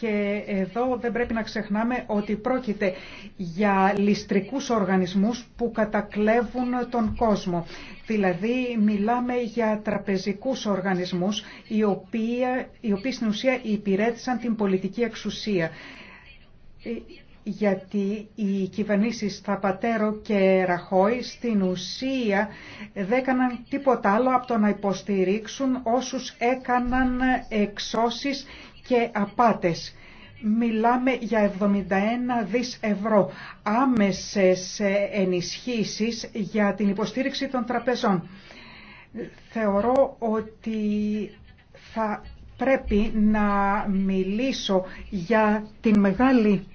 και εδώ δεν πρέπει να ξεχνάμε ότι πρόκειται για ληστρικούς οργανισμούς που κατακλέβουν τον κόσμο. Δηλαδή μιλάμε για τραπεζικούς οργανισμούς οι οποίοι, οι οποίοι στην ουσία υπηρέτησαν την πολιτική εξουσία ε, γιατί οι κυβερνήσεις Θαπατέρο και Ραχώη στην ουσία δεν έκαναν τίποτα άλλο από το να υποστηρίξουν όσους έκαναν εξώσεις και απάτες. Μιλάμε για 71 δις ευρώ άμεσες ενισχύσεις για την υποστήριξη των τραπεζών. Θεωρώ ότι θα πρέπει να μιλήσω για την μεγάλη...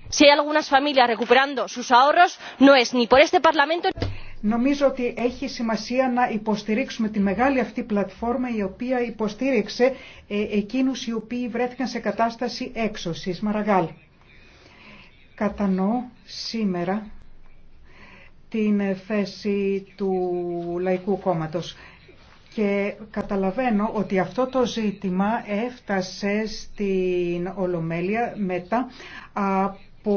Νομίζω ότι έχει σημασία να υποστηρίξουμε τη μεγάλη αυτή πλατφόρμα η οποία υποστήριξε ε, εκείνους οι οποίοι βρέθηκαν σε κατάσταση έξωσης. Μαραγάλ, κατανοώ σήμερα την θέση του Λαϊκού Κόμματος. Και καταλαβαίνω ότι αυτό το ζήτημα έφτασε στην Ολομέλεια μετά από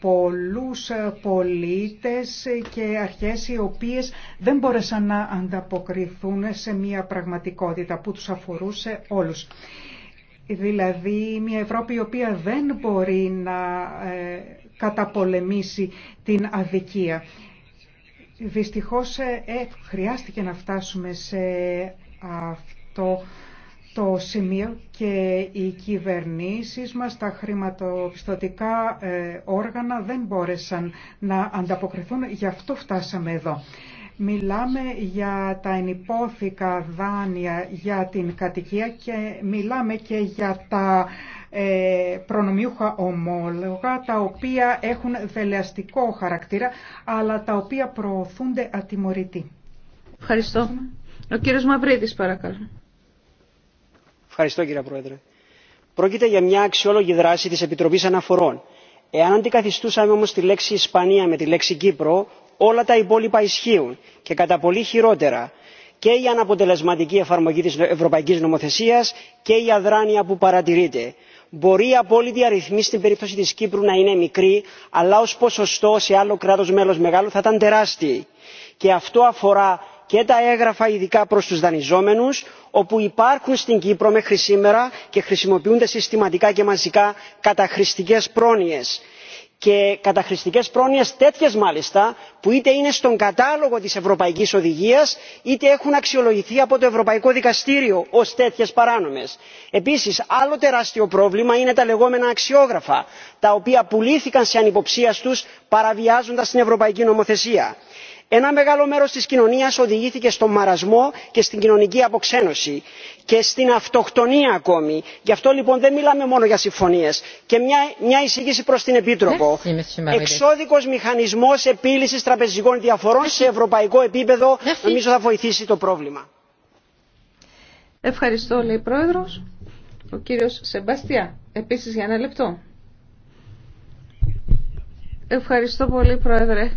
πολλούς πολίτες και αρχές οι οποίες δεν μπόρεσαν να ανταποκριθούν σε μια πραγματικότητα που τους αφορούσε όλους. Δηλαδή μια Ευρώπη η οποία δεν μπορεί να ε, καταπολεμήσει την αδικία Δυστυχώς ε, ε, χρειάστηκε να φτάσουμε σε αυτό το σημείο και οι κυβερνήσεις μας, τα χρηματοπιστωτικά ε, όργανα δεν μπόρεσαν να ανταποκριθούν, γι' αυτό φτάσαμε εδώ. Μιλάμε για τα ενυπόθηκα δάνεια για την κατοικία και μιλάμε και για τα ε, προνομιούχα ομόλογα τα οποία έχουν δελεαστικό χαρακτήρα αλλά τα οποία προωθούνται ατιμωρητοί. Ευχαριστώ. Ο κύριος Μαυρίδης παρακαλώ. Ευχαριστώ κύριε Πρόεδρε. Πρόκειται για μια αξιόλογη δράση της Επιτροπής Αναφορών. Εάν αντικαθιστούσαμε όμως τη λέξη Ισπανία με τη λέξη Κύπρο, όλα τα υπόλοιπα ισχύουν και κατά πολύ χειρότερα και η αναποτελεσματική εφαρμογή της ευρωπαϊκής νομοθεσίας και η αδράνεια που παρατηρείται μπορεί η απόλυτη αριθμή στην περίπτωση της κύπρου να είναι μικρή αλλά ως ποσοστό σε άλλο κράτος μέλος μεγάλο θα ήταν τεράστια. και αυτό αφορά και τα έγγραφα ειδικά προς τους δανειζόμενους όπου υπάρχουν στην κύπρο μέχρι σήμερα και χρησιμοποιούνται συστηματικά και μαζικά καταχρηστικές πρόνοιες και καταχρηστικές πρόνοιε τέτοιε μάλιστα που είτε είναι στον κατάλογο τη Ευρωπαϊκή Οδηγία, είτε έχουν αξιολογηθεί από το ευρωπαϊκό δικαστήριο ω τέτοιε παράνομε. Επίση, άλλο τεράστιο πρόβλημα είναι τα λεγόμενα αξιόγραφα τα οποία πουλήθηκαν σε ανυποψία του, παραβιάζοντα την ευρωπαϊκή νομοθεσία ένα μεγάλο μέρος της κοινωνίας οδηγήθηκε στον μαρασμό και στην κοινωνική αποξένωση και στην αυτοκτονία ακόμη. γι' αυτό λοιπόν δεν μιλάμε μόνο για συμφωνίες. και μια εισήγηση προς την επίτροπο εξώδικος μηχανισμός επίλυσης τραπεζικών διαφορών σε ευρωπαϊκό επίπεδο νομίζω θα βοηθήσει το πρόβλημα. Ευχαριστώ, Ο κύριος Σεμπαστιά, επίσης για ένα λεπτό. Ευχαριστώ πολύ, Πρόεδρε.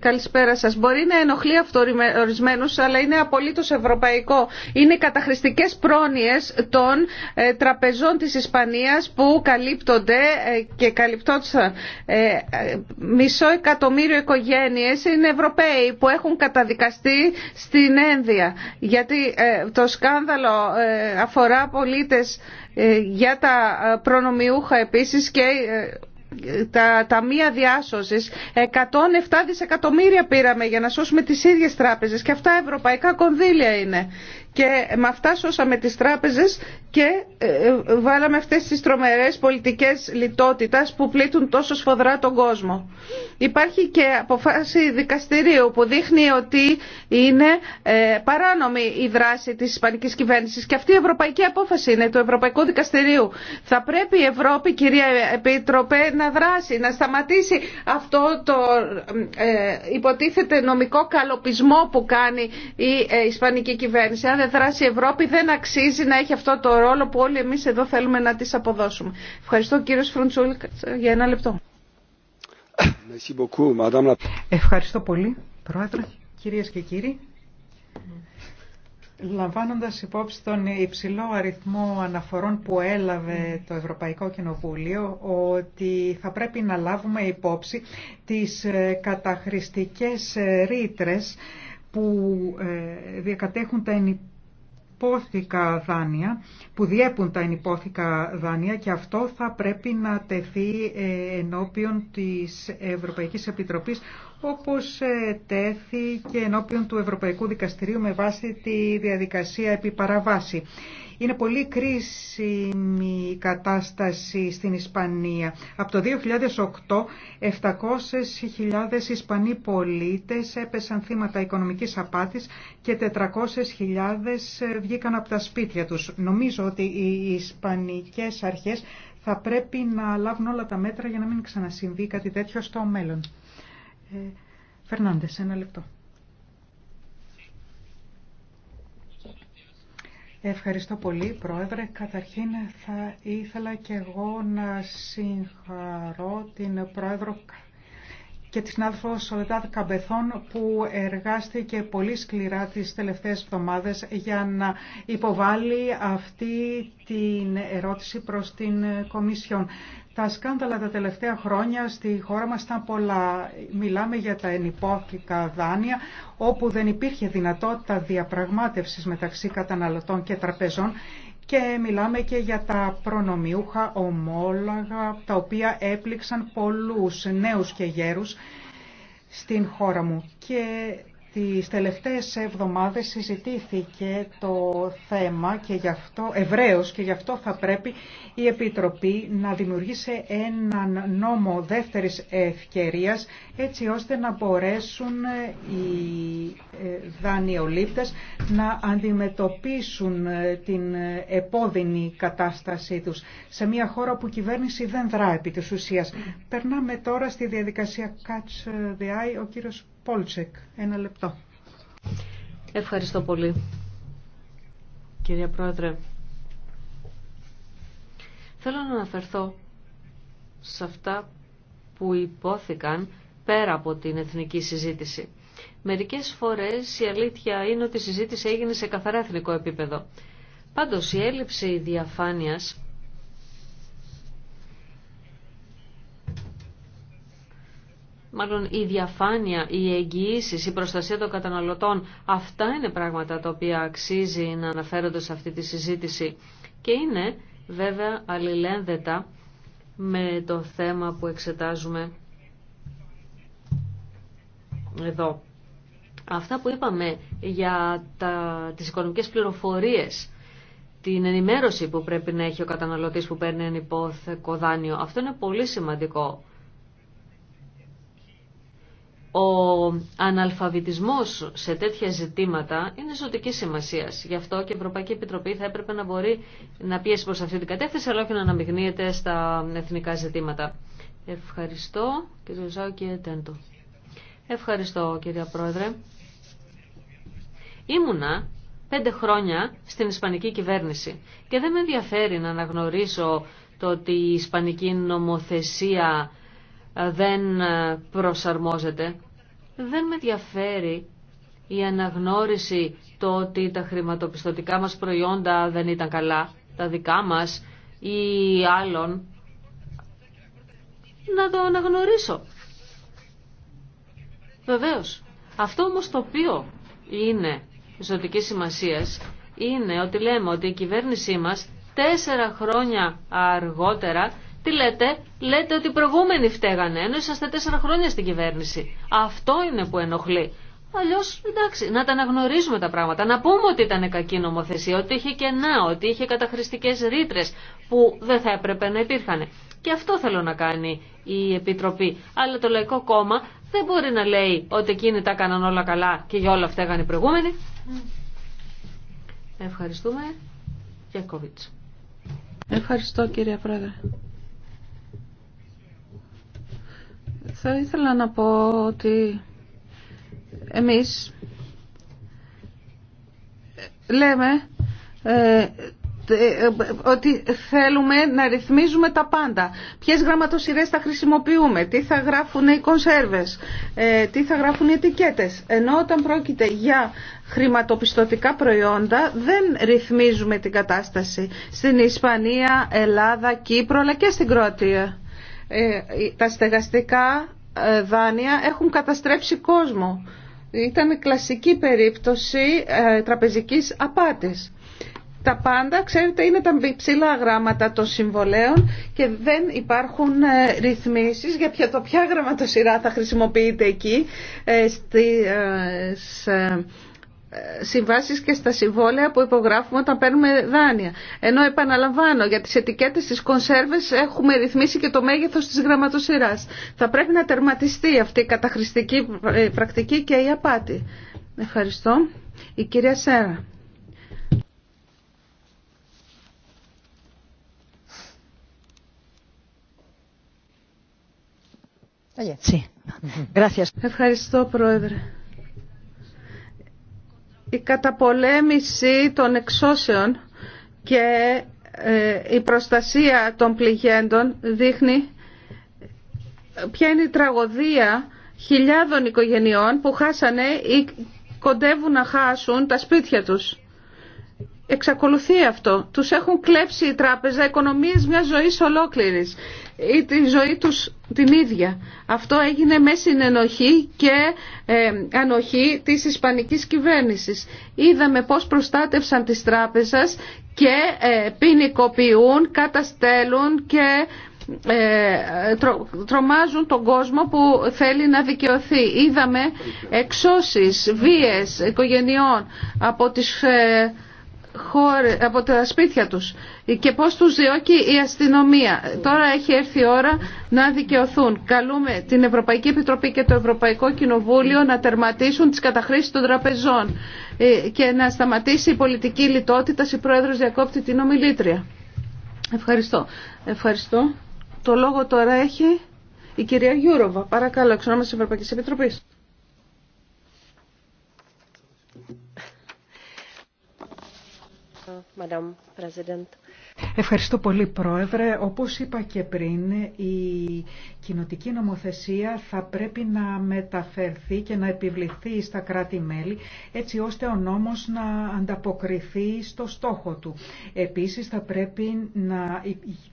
Καλησπέρα σας. Μπορεί να ενοχλεί αυτό ορισμένου, αλλά είναι απολύτω ευρωπαϊκό. Είναι καταχρηστικές πρόνοιες των ε, τραπεζών της Ισπανίας που καλύπτονται ε, και καλυπτόντουσαν. Ε, μισό εκατομμύριο οικογένειες είναι Ευρωπαίοι που έχουν καταδικαστεί στην Ένδια. Γιατί το σκάνδαλο αφορά πολίτες για τα προνομιούχα επίση και τα ταμεία διάσωση 107 δισεκατομμύρια πήραμε για να σώσουμε τις ίδιε τράπεζες και αυτά ευρωπαϊκά κονδύλια είναι και με αυτά σώσαμε τις τράπεζες και ε, ε, βάλαμε αυτές τις τρομερές πολιτικές λιτότητας που πλήττουν τόσο σφοδρά τον κόσμο. Υπάρχει και αποφάση δικαστηρίου που δείχνει ότι είναι ε, παράνομη η δράση της ισπανικής κυβέρνησης και αυτή η ευρωπαϊκή απόφαση είναι του Ευρωπαϊκού Δικαστηρίου. Θα πρέπει η Ευρώπη, κυρία Επίτροπε, να δράσει, να σταματήσει αυτό το υποτίθεται νομικό καλοπισμό που κάνει η ισπανική κυβέρνηση δράση. η Ευρώπη δεν αξίζει να έχει αυτό το ρόλο που όλοι εμείς εδώ θέλουμε να της αποδώσουμε. Ευχαριστώ κύριο Φρουντσούλ για ένα λεπτό. Ευχαριστώ πολύ, Πρόεδρε, κυρίες και κύριοι. Λαμβάνοντας υπόψη τον υψηλό αριθμό αναφορών που έλαβε το Ευρωπαϊκό Κοινοβούλιο ότι θα πρέπει να λάβουμε υπόψη τις ε, καταχρηστικές ε, ρήτρες που ε, διακατέχουν τα υπόθηκα δάνεια, που διέπουν τα υπόθηκα δάνεια και αυτό θα πρέπει να τεθεί ε, ενώπιον της Ευρωπαϊκής Επιτροπής όπως ε, τέθηκε ενώπιον του Ευρωπαϊκού Δικαστηρίου με βάση τη διαδικασία επί παραβάση. Είναι πολύ κρίσιμη η κατάσταση στην Ισπανία. Από το 2008, 700.000 Ισπανοί πολίτες έπεσαν θύματα οικονομικής απάτης και 400.000 βγήκαν από τα σπίτια τους. Νομίζω ότι οι Ισπανικές αρχές θα πρέπει να λάβουν όλα τα μέτρα για να μην ξανασυμβεί κάτι τέτοιο στο μέλλον. Ε, Φερνάντες, ένα λεπτό. Ευχαριστώ πολύ, Πρόεδρε. Καταρχήν θα ήθελα και εγώ να συγχαρώ την Πρόεδρο και τη συνάδελφο Σολετάδ Καμπεθών που εργάστηκε πολύ σκληρά τις τελευταίες εβδομάδες για να υποβάλει αυτή την ερώτηση προς την Κομισιόν. Τα σκάνδαλα τα τελευταία χρόνια στη χώρα μας ήταν πολλά. Μιλάμε για τα ενυπόθηκα δάνεια, όπου δεν υπήρχε δυνατότητα διαπραγμάτευσης μεταξύ καταναλωτών και τραπεζών και μιλάμε και για τα προνομιούχα ομόλογα, τα οποία έπληξαν πολλούς νέους και γέρους στην χώρα μου. Και Τις τελευταίες εβδομάδες συζητήθηκε το θέμα και γι αυτό, ευρέως και γι' αυτό θα πρέπει η Επιτροπή να δημιουργήσει έναν νόμο δεύτερης ευκαιρίας έτσι ώστε να μπορέσουν οι ε, δανειολήπτες να αντιμετωπίσουν ε, την επώδυνη κατάστασή τους σε μια χώρα που η κυβέρνηση δεν δράει επί της ουσίας. Περνάμε τώρα στη διαδικασία Catch the Eye. Ο κύριος Πόλτσεκ. Ένα λεπτό. Ευχαριστώ πολύ. Κυρία Πρόεδρε, θέλω να αναφερθώ σε αυτά που υπόθηκαν πέρα από την εθνική συζήτηση. Μερικές φορές η αλήθεια είναι ότι η συζήτηση έγινε σε καθαρά εθνικό επίπεδο. Πάντως η έλλειψη διαφάνειας μάλλον η διαφάνεια, οι εγγυήσει, η προστασία των καταναλωτών, αυτά είναι πράγματα τα οποία αξίζει να αναφέρονται σε αυτή τη συζήτηση και είναι βέβαια αλληλένδετα με το θέμα που εξετάζουμε εδώ. Αυτά που είπαμε για τα, τις οικονομικές πληροφορίες, την ενημέρωση που πρέπει να έχει ο καταναλωτής που παίρνει ένα υπόθεκο δάνειο, αυτό είναι πολύ σημαντικό ο αναλφαβητισμός σε τέτοια ζητήματα είναι ζωτική σημασία. Γι' αυτό και η Ευρωπαϊκή Επιτροπή θα έπρεπε να μπορεί να πιέσει προς αυτή την κατεύθυνση, αλλά όχι να αναμειγνύεται στα εθνικά ζητήματα. Ευχαριστώ, κύριε Ζάου και Τέντο. Ευχαριστώ, κυρία Πρόεδρε. Ήμουνα πέντε χρόνια στην Ισπανική κυβέρνηση και δεν με ενδιαφέρει να αναγνωρίσω το ότι η Ισπανική νομοθεσία δεν ε, προσαρμόζεται. Δεν με ενδιαφέρει η αναγνώριση το ότι τα χρηματοπιστωτικά μας προϊόντα δεν ήταν καλά, τα δικά μας ή άλλων. Να το αναγνωρίσω. Βεβαίως. Αυτό όμως το οποίο είναι ζωτική σημασίας είναι ότι λέμε ότι η κυβέρνησή μας τέσσερα χρόνια αργότερα τι λέτε, λέτε ότι οι προηγούμενοι φταίγανε, ενώ είσαστε τέσσερα χρόνια στην κυβέρνηση. Αυτό είναι που ενοχλεί. Αλλιώ, εντάξει, να τα αναγνωρίζουμε τα πράγματα. Να πούμε ότι ήταν κακή νομοθεσία, ότι είχε κενά, ότι είχε καταχρηστικέ ρήτρε που δεν θα έπρεπε να υπήρχαν. Και αυτό θέλω να κάνει η Επιτροπή. Αλλά το Λαϊκό Κόμμα δεν μπορεί να λέει ότι εκείνοι τα έκαναν όλα καλά και για όλα φταίγανε οι προηγούμενοι. Ευχαριστούμε. Γιακοβίτς. Ευχαριστώ κύριε Πρόεδρε. Θα ήθελα να πω ότι εμείς ε, λέμε ε, ε, ότι θέλουμε να ρυθμίζουμε τα πάντα. Ποιες γραμματοσυρές θα χρησιμοποιούμε, τι θα γράφουν οι κονσέρβες, τι θα γράφουν οι ετικέτες. Ενώ όταν πρόκειται για χρηματοπιστωτικά προϊόντα δεν ρυθμίζουμε την κατάσταση στην Ισπανία, Ελλάδα, Κύπρο αλλά και στην Κροατία. Ε, τα στεγαστικά ε, δάνεια έχουν καταστρέψει κόσμο. Ήταν κλασική περίπτωση ε, τραπεζικής απάτης. Τα πάντα, ξέρετε, είναι τα ψηλά γράμματα των συμβολέων και δεν υπάρχουν ρυθμίσεις για ποια, το ποια γραμματοσυρά θα χρησιμοποιείται εκεί στις συμβάσεις και στα συμβόλαια που υπογράφουμε όταν παίρνουμε δάνεια. Ενώ επαναλαμβάνω, για τις ετικέτες στις κονσέρβες έχουμε ρυθμίσει και το μέγεθος της γραμματοσυράς. Θα πρέπει να τερματιστεί αυτή η καταχρηστική ε, πρακτική και η απάτη. Ευχαριστώ. Η κυρία Σέρα. Ευχαριστώ, Πρόεδρε η καταπολέμηση των εξώσεων και ε, η προστασία των πληγέντων δείχνει ποια είναι η τραγωδία χιλιάδων οικογενειών που χάσανε ή κοντεύουν να χάσουν τα σπίτια τους. Εξακολουθεί αυτό. Τους έχουν κλέψει η τράπεζα οικονομίες μια ζωή ολόκληρη ή τη ζωή τους την ίδια. Αυτό έγινε με συνενοχή και ε, ανοχή της ισπανικής κυβέρνησης. Είδαμε πώς προστάτευσαν τις τράπεζες και ε, ποινικοποιούν, καταστέλουν και ε, τρομάζουν τον κόσμο που θέλει να δικαιωθεί. Είδαμε εξώσεις, βίες οικογενειών από τις ε, από τα σπίτια τους και πώς τους διώκει η αστυνομία. Τώρα έχει έρθει η ώρα να δικαιωθούν. Καλούμε την Ευρωπαϊκή Επιτροπή και το Ευρωπαϊκό Κοινοβούλιο να τερματίσουν τις καταχρήσεις των τραπεζών ε, και να σταματήσει η πολιτική λιτότητα. Η Πρόεδρος διακόπτει την ομιλήτρια. Ευχαριστώ. Ευχαριστώ. Το λόγο τώρα έχει η κυρία Γιούροβα. Παρακαλώ, εξ της Ευρωπαϊκής Επιτροπής. Ευχαριστώ, Πρόεδρε. Ευχαριστώ πολύ Πρόεδρε. Όπως είπα και πριν, η κοινοτική νομοθεσία θα πρέπει να μεταφερθεί και να επιβληθεί στα κράτη-μέλη έτσι ώστε ο νόμος να ανταποκριθεί στο στόχο του. Επίσης θα πρέπει να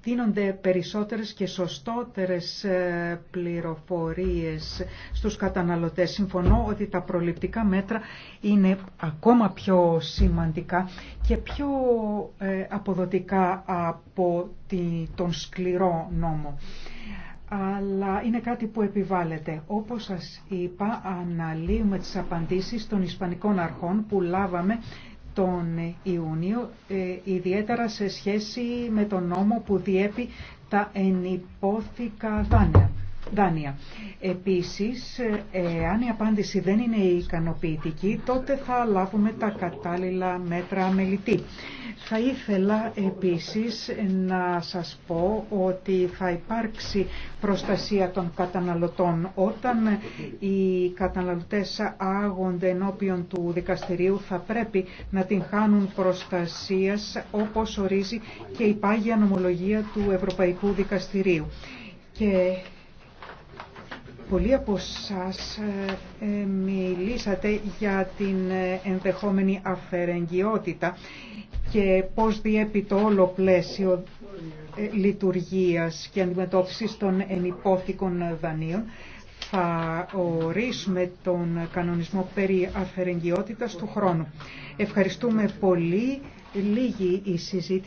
δίνονται περισσότερες και σωστότερες ε, πληροφορίες στους καταναλωτές. Συμφωνώ ότι τα προληπτικά μέτρα είναι ακόμα πιο σημαντικά και πιο ε, αποδοτικά από τον σκληρό νόμο. Αλλά είναι κάτι που επιβάλλεται. Όπως σας είπα, αναλύουμε τις απαντήσεις των Ισπανικών αρχών που λάβαμε τον Ιούνιο, ε, ιδιαίτερα σε σχέση με τον νόμο που διέπει τα ενυπόθηκα δάνεια δάνεια. Επίσης, ε, αν η απάντηση δεν είναι ικανοποιητική, τότε θα λάβουμε τα κατάλληλα μέτρα αμελητή. Θα ήθελα επίσης να σας πω ότι θα υπάρξει προστασία των καταναλωτών. Όταν οι καταναλωτές άγονται ενώπιον του δικαστηρίου θα πρέπει να την χάνουν προστασίας όπως ορίζει και η πάγια νομολογία του Ευρωπαϊκού Δικαστηρίου. Και Πολλοί από εσά ε, ε, μιλήσατε για την ε, ενδεχόμενη αφαιρεγγιότητα και πώς διέπει το όλο πλαίσιο λειτουργίας και αντιμετώπιση των ενυπόθηκων δανείων. Θα ορίσουμε τον κανονισμό περί αφαιρεγγιότητας του χρόνου. Ευχαριστούμε πολύ. Λίγη η συζήτηση.